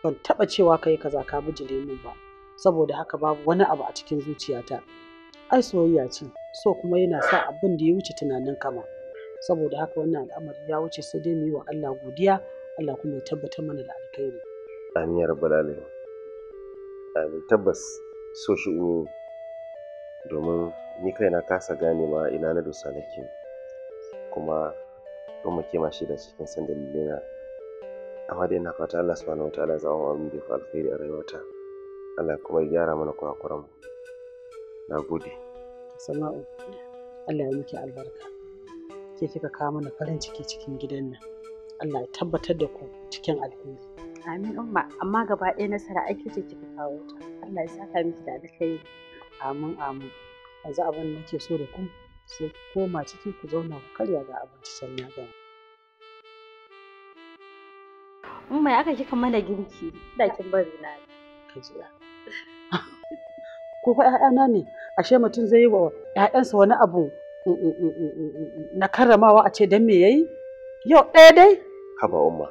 ban taɓa cewa ka yi kaza ka bijire min ba saboda haka babu wani abu a cikin zuciyata ai soyayya ce so kuma yana sa abin da ya wuce tunanin kama saboda haka wannan al'amari ya wuce sai dai mu yi wa Allah godiya Allah kuma ya tabbatar mana da alkhairi amin ya rabbal alamin amin tabbas so shi ne domin ni kai na kasa gane ma ina na dosa nake kuma kuma ma shi da cikin lera amma dai na fata Allah subhanahu wa ta'ala zama abin da ya fi alkhairi a rayuwata Allah kuma gyara mana kurakuran na gode sama'u Allah ya miki albarka ke kika kawo mana farin ciki cikin gidan nan Allah ya tabbatar da ku cikin alheri amin umma amma gaba ɗaya nasara ake ce kika kawo ta Allah ya saka miki da alkhairi amin amin yanzu abin da nake so da ku sai koma ciki ku zauna ku karya ga abinci can ya gama in mai aka kika mana girki da kin bari na jira (laughs) ko fa ƴaƴana ne ashe mutum zai yi wa ƴaƴansa wani abu mm, mm, mm, na karramawa a ce dan me yayi yau ɗaya dai haba umma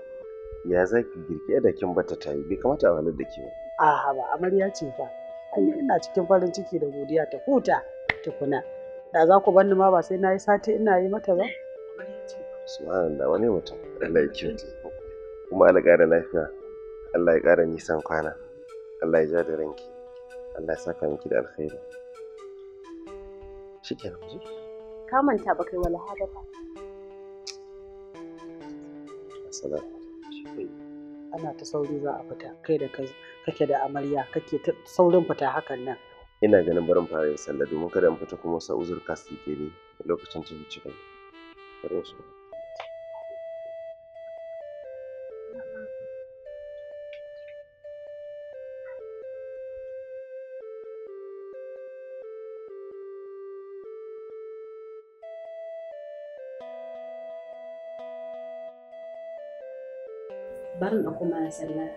ya za ki girki da kin bata yi, bai kamata a ranar da ke ba a haba amarya ce fa ai ina cikin farin ciki da godiya ta huta tukuna da za ku bani ma ba sai na yi sati ina yi mata ba subhanallah wani mutum Allah ya kiyaye kuma ana ƙara lafiya Allah ya ƙara nisan kwana Allah ya ja da ranki Allah ya saka miki da alkhairi shikenan ku ka manta ba kai wala hada ba assalamu ana ta sauri za a fita kai da kai kake da amarya kake ta saurin fita hakan nan ina ganin barin fara yin sallah domin kada in fita kuma wasu uzur su ke ne lokacin tafi cikin bari wasu barin da kuma sallah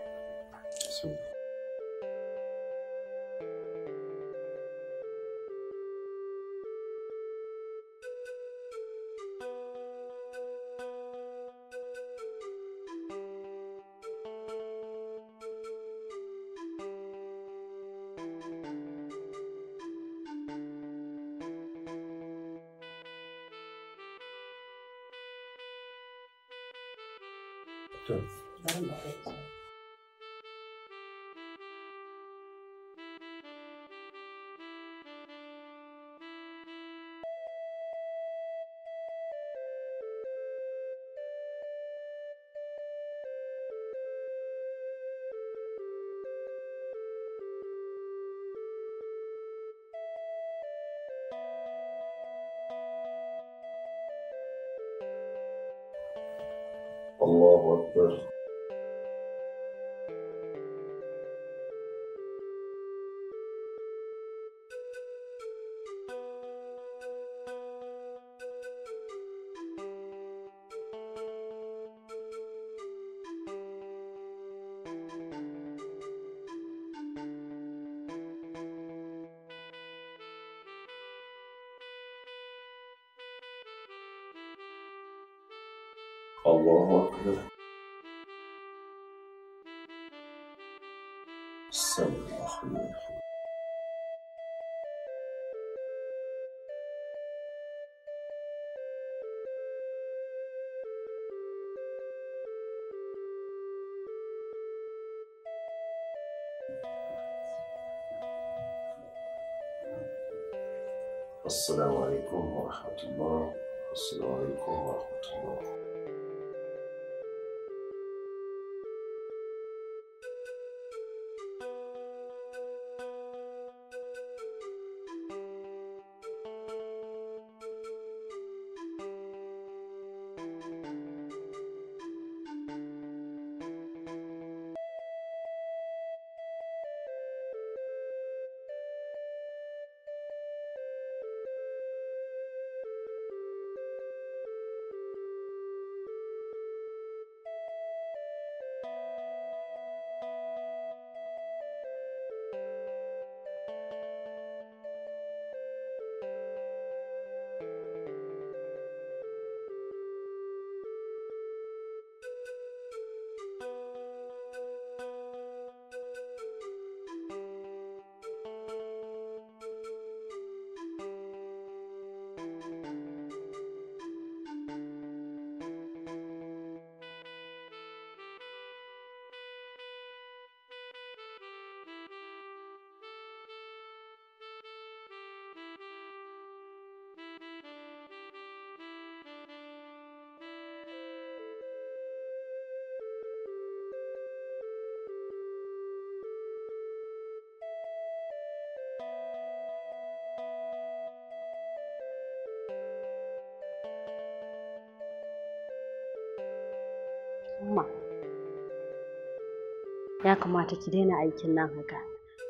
kamata ki daina aikin nan haka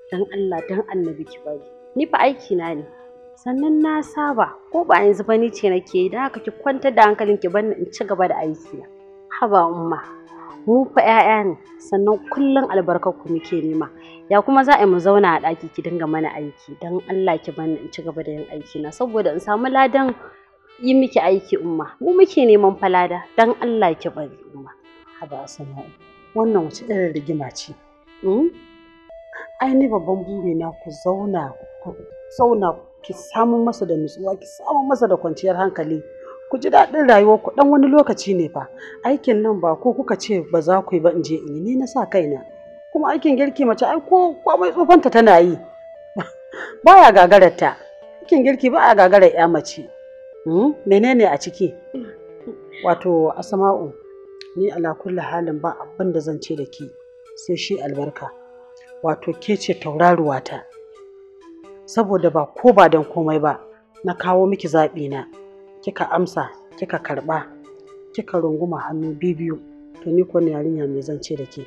Dan Allah dan annabi ki bari ni fa aiki na ne sannan na saba ko ba yanzu ba ni ce nake da haka ki kwantar da hankalin ki bar in ci gaba da aiki na haba umma mu fa 'ya'ya ne sannan kullum albarka ku muke nema ya kuma za a mu zauna a ɗaki ki dinga mana aiki dan Allah ki bani in ci gaba da yin aiki na saboda in samu ladan yi miki aiki umma mu muke neman falada dan Allah ki bari umma haba wannan wace irin rigima ce hmm? ai ni babban buri na ku zauna zauna ki samu masa da nutsuwa ki samu masa da kwanciyar hankali ku ji daɗin rayuwar ku dan wani lokaci ne fa aikin nan ba ko kuka ce ba za ku yi ba in je in yi ni na sa kaina kuma aikin girki mace ai ko komai tsofanta tana yi (laughs) baya gagarar ta aikin girki ba a gagarar ya mace hmm? menene a ciki wato asama'u ni ala kulli halin ba abin da zan ce da ke sai shi albarka wato ke ce tauraruwata saboda ba ko ba dan komai ba na kawo miki zaɓi na kika amsa kika karɓa kika runguma hannu biyu to ni ko yarinya mai zan ce da ke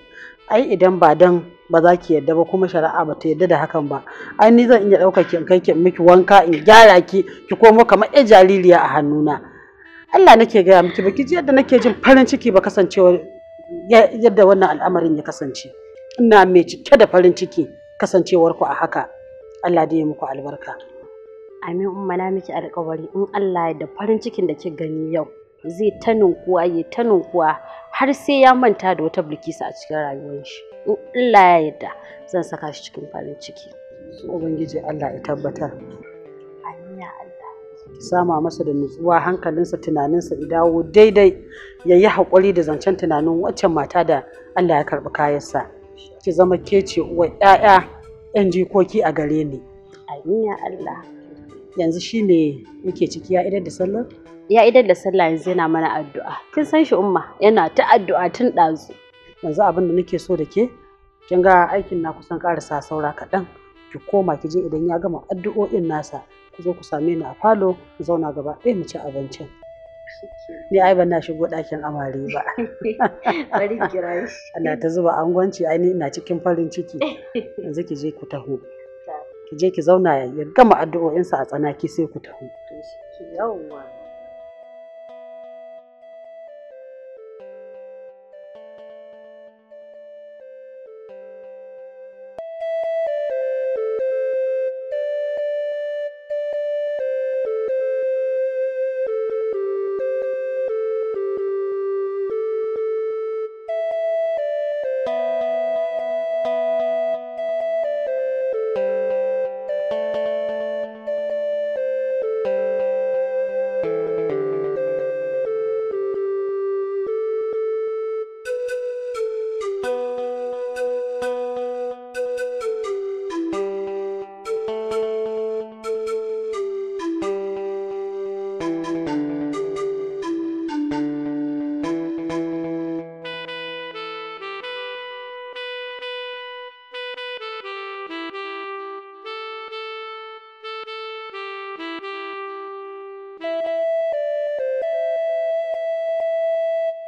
ai idan ba dan ba za ki yadda ba kuma shari'a ba ta yadda da hakan ba ai ni zan iya ɗaukar ki in kai ki miki wanka in gyara ki ki komo kamar 'yar jaririya a hannuna Allah nake gaya miki baki ji yadda nake jin farin ciki ba kasancewa yadda wannan al'amarin ya kasance ina mai cike da farin ciki kasancewar ku a haka Allah da ya muku albarka amin umma na miki alƙawari in Allah ya da farin cikin da ke gani yau zai ta ninkuwa ya ta ninkuwa har sai ya manta da wata bulkisa a cikin rayuwar shi in Allah ya yarda zan saka shi cikin farin ciki ubangiji Allah ya tabbatar amin ya Allah ki sama masa da nutsuwa hankalinsa tunaninsa ya dawo daidai ya yi haƙuri da zancen tunanin waccan mata da Allah ya karɓi kayansa ki zama ke ce uwa ƴaƴa ƴan jikoki a gare ni Amina Allah yanzu shi ne muke ciki ya idar da sallar ya idar da sallah yanzu yana mana addu'a kin san shi umma yana ta addu'a tun ɗazu yanzu abin da nake so da ke kin ga aikin na kusan ƙarasa saura kaɗan ki koma ki je idan ya gama addu'o'in nasa ku zo ku same ni a falo mu zauna gaba ɗaya mu ci abincin ni ai ban na shigo ɗakin amare ba (laughs) bari kira shi ta zuba angwanci ai ni ina cikin farin ciki yanzu ki je ku taho (laughs) ki je ki zauna ya gama addu'o'insa a tsanaki sai ku taho yawwa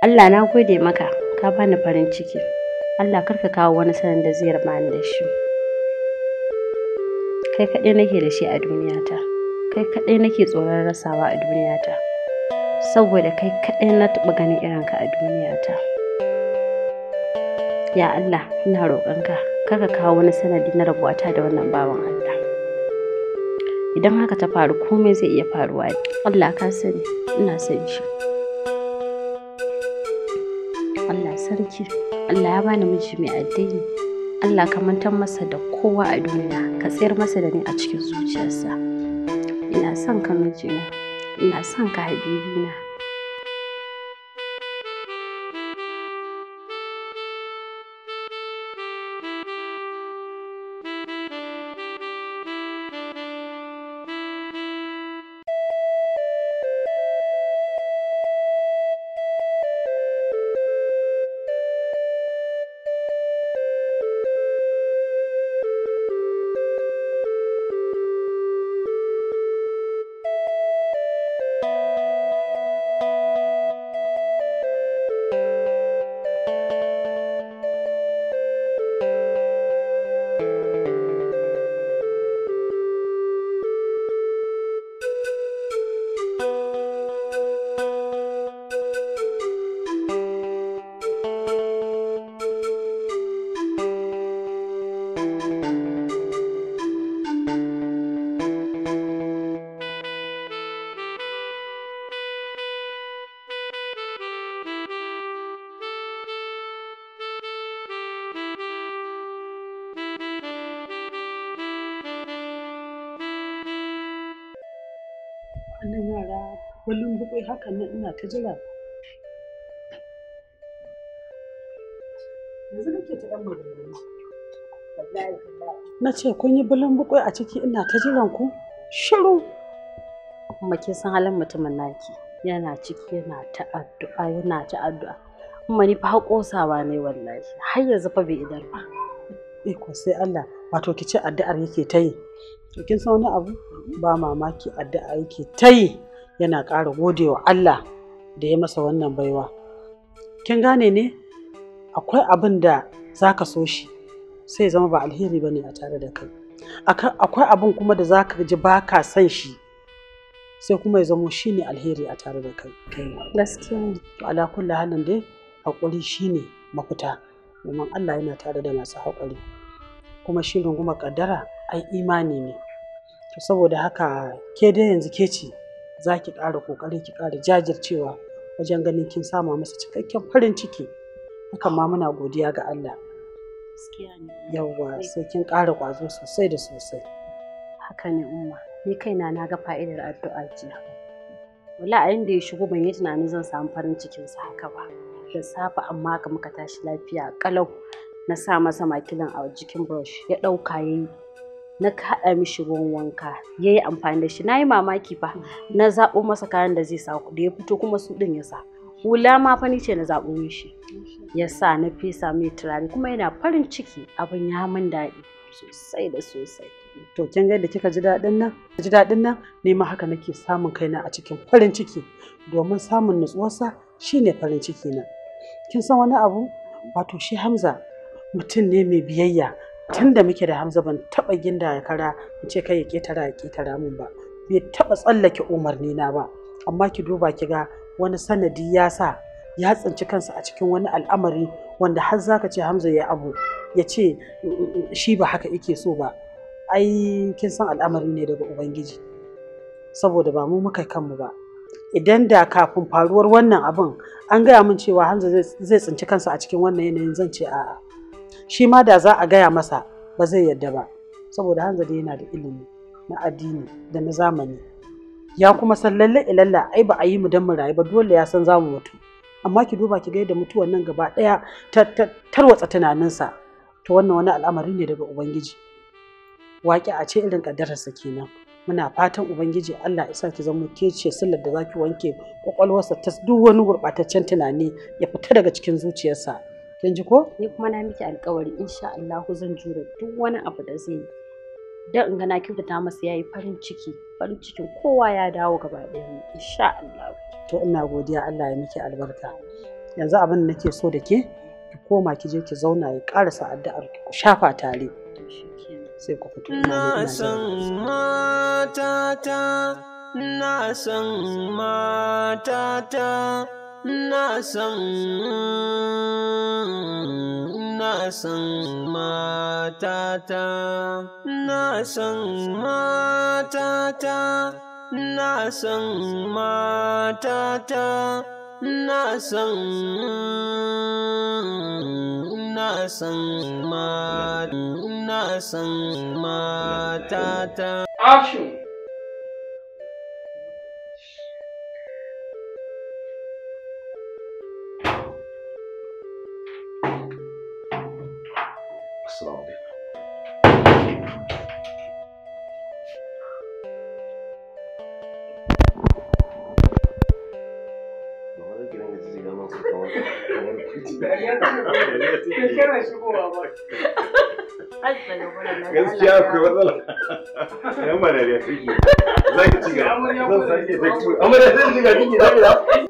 Allah na gode maka ka bani farin ciki Allah karka kawo wani sanin da zai rama da shi kai kaɗai nake da shi a duniyata kai kaɗai nake tsoron rasawa a duniyata saboda kai kaɗai na taɓa ganin irinka a duniyata ya Allah ina roƙonka karka kawo wani sanadi na rabuwata da wannan bawan Allah idan haka ta faru komai zai iya faruwa Allah ka sani ina son shi sarki Allah ya bani miji mai addini Allah ka mantar masa da kowa a duniya ka tsayar masa da ni a cikin zuciyarsa ina son ka mijina ina son ka habibina hakan ina ta jira na ce kun yi bulan bukwai a ciki ina ta jiran ku shiru kuma kin san halin mutumin naki yana ciki yana ta addu'a yana ta addu'a kuma ni fa kosawa ne wallahi har yanzu fa bai idar ba eh ko sai Allah wato ki ce addu'ar yake ta yi to kin san wani abu ba mamaki addu'a yake ta yi yana ƙara gode wa Allah da ya masa wannan baiwa kin gane ne akwai abin da za ka so shi sai zama ba alheri ba ne a tare da kai akwai abin kuma da za ka ji ba ka son shi sai kuma ya zamo shi ne alheri a tare da kai gaskiya ala kulli halin dai haƙuri shi ne mafita domin Allah yana tare da masu haƙuri kuma shirin kuma ƙaddara ai imani ne saboda haka ke dai yanzu ke ce za ki ƙara ƙoƙari ki ƙara jajircewa wajen ganin kin sama masa cikakken farin ciki haka ma muna godiya ga Allah yawwa sai kin ƙara ƙwazo sosai da sosai haka ne umma ni kaina na ga fa'idar addu'a jiya wala a inda ya shigo ban yi tunanin zan samu farin cikin sa haka ba da safe amma ka muka tashi lafiya kalau na sa masa makilin a jikin brush ya ɗauka ya yi na kaɗa mishi ruwan wanka ya yi amfani da shi na yi mamaki fa na zaɓo masa kayan da zai sa da ya fito kuma su ɗin ya sa hula ma fa ni ce na zaɓo mishi ya sa na fesa mai turare kuma yana farin ciki abin ya min daɗi sosai da sosai to kin ga da kika ji daɗin nan ji daɗin nan ne ma haka nake samun kaina a cikin farin ciki domin samun nutsuwarsa shine farin ciki na kin san wani abu wato shi Hamza mutum ne mai biyayya tun da muke da hamza ban taba ginda ya kara mu ce kai ya ketara ya ketara min ba bai taba tsallake umarni na ba amma ki duba ki ga wani sanadi ya sa ya tsinci kansa a cikin wani al'amari wanda har za ka ce hamza ya abu ya ce mm, mm, mm, shi ba haka yake so ba ai kin san al'amari ne daga ubangiji saboda ba mu muka kanmu ba idan da kafin faruwar wannan abin an gaya min cewa hamza zai tsinci kansa a cikin wannan yanayin zan ce a'a shi ma da za a gaya masa ba zai yadda ba saboda hanzade yana da ilimi na addini da na zamani ya kuma san lalle ilalla ai ba a yi mu dan mu rayu ba dole ya san zamu mutu amma ki duba ki ga yadda mutuwan nan gaba daya tarwatsa tunaninsa to wannan wani al'amari ne daga ubangiji waƙi a ce irin ƙaddararsa kenan muna fatan ubangiji Allah ya sa ki zama ke ce da da zaki wanke kwakwalwarsa ta duk wani gurɓataccen tunani ya fita daga cikin zuciyarsa kin ji ko ni kuma na miki alƙawari. insha Allah zan jure duk wani abu da zai dan in ga na kyautata masa yayi farin ciki farin cikin kowa ya dawo gaba ɗaya insha Allah to ina godiya Allah ya miki albarka yanzu abin da nake so da ke ki koma ki je ki zauna ya karasa addu'ar ki ku shafa tare sai ku fito na san matata na san matata na san na san matata na san matata na san matata na san na san ma na san matata action shekara shigowa ba gaskiya akwai matsala yan ci zan sake ta kuma amma da zai ci da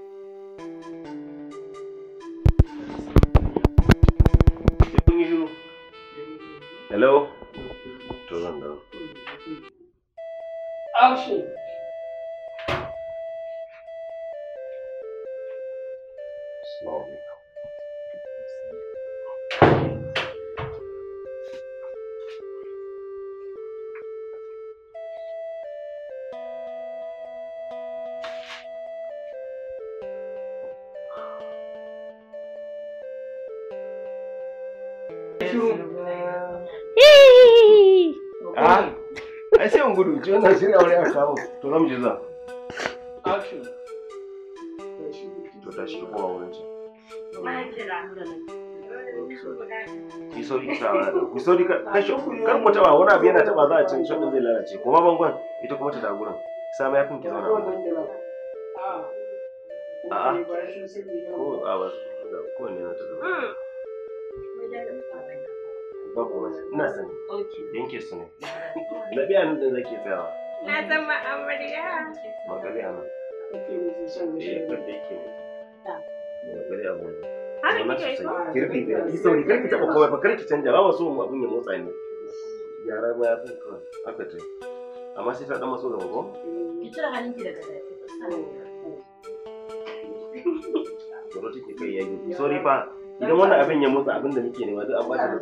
gudu ce wannan shirya wani aka kawo to na muje za action to da shi kuma wurin ce ki sauri ta ka. sauri kashi kar ku taba wani abu yana taba za a cin shaɗin zai lalace kuma bangon ita kuma ta daguran sama ya fin ki zauna a'a ko a ba ko ne na ta zauna hmm. babu wani ina sani yanke su ne Na biya nan ɗin zake tsayawa. Na zama amarya. a nan. Haka eh, kike so? Kirfi bai yi sauri kar ki kawai kar ki canja ba wasu abun ya motsa Yara ma ya kawai aka ce. Amma sai ta maso da Ki daga kai yayi. Sorry fa idan wannan abin ya motsa abin da muke duk an ba ta da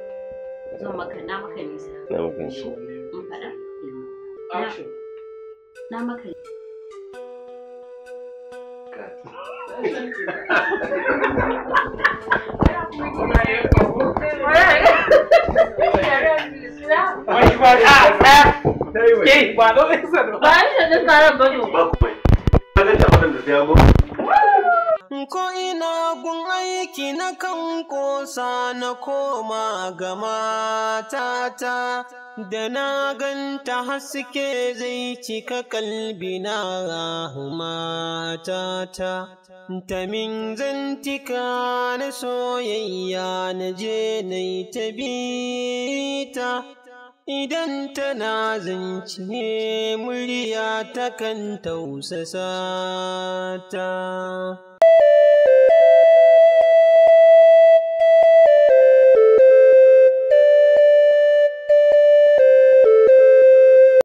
zan maka na maka nisa na maka nisa (laughs) ko ina gun aiki na kan kosa na koma ga matata da na ganta haske zai cika kalbi kalbina matata ta min zantika na soyayya na je na ta bita idan tana zance murya takan tausasa ta.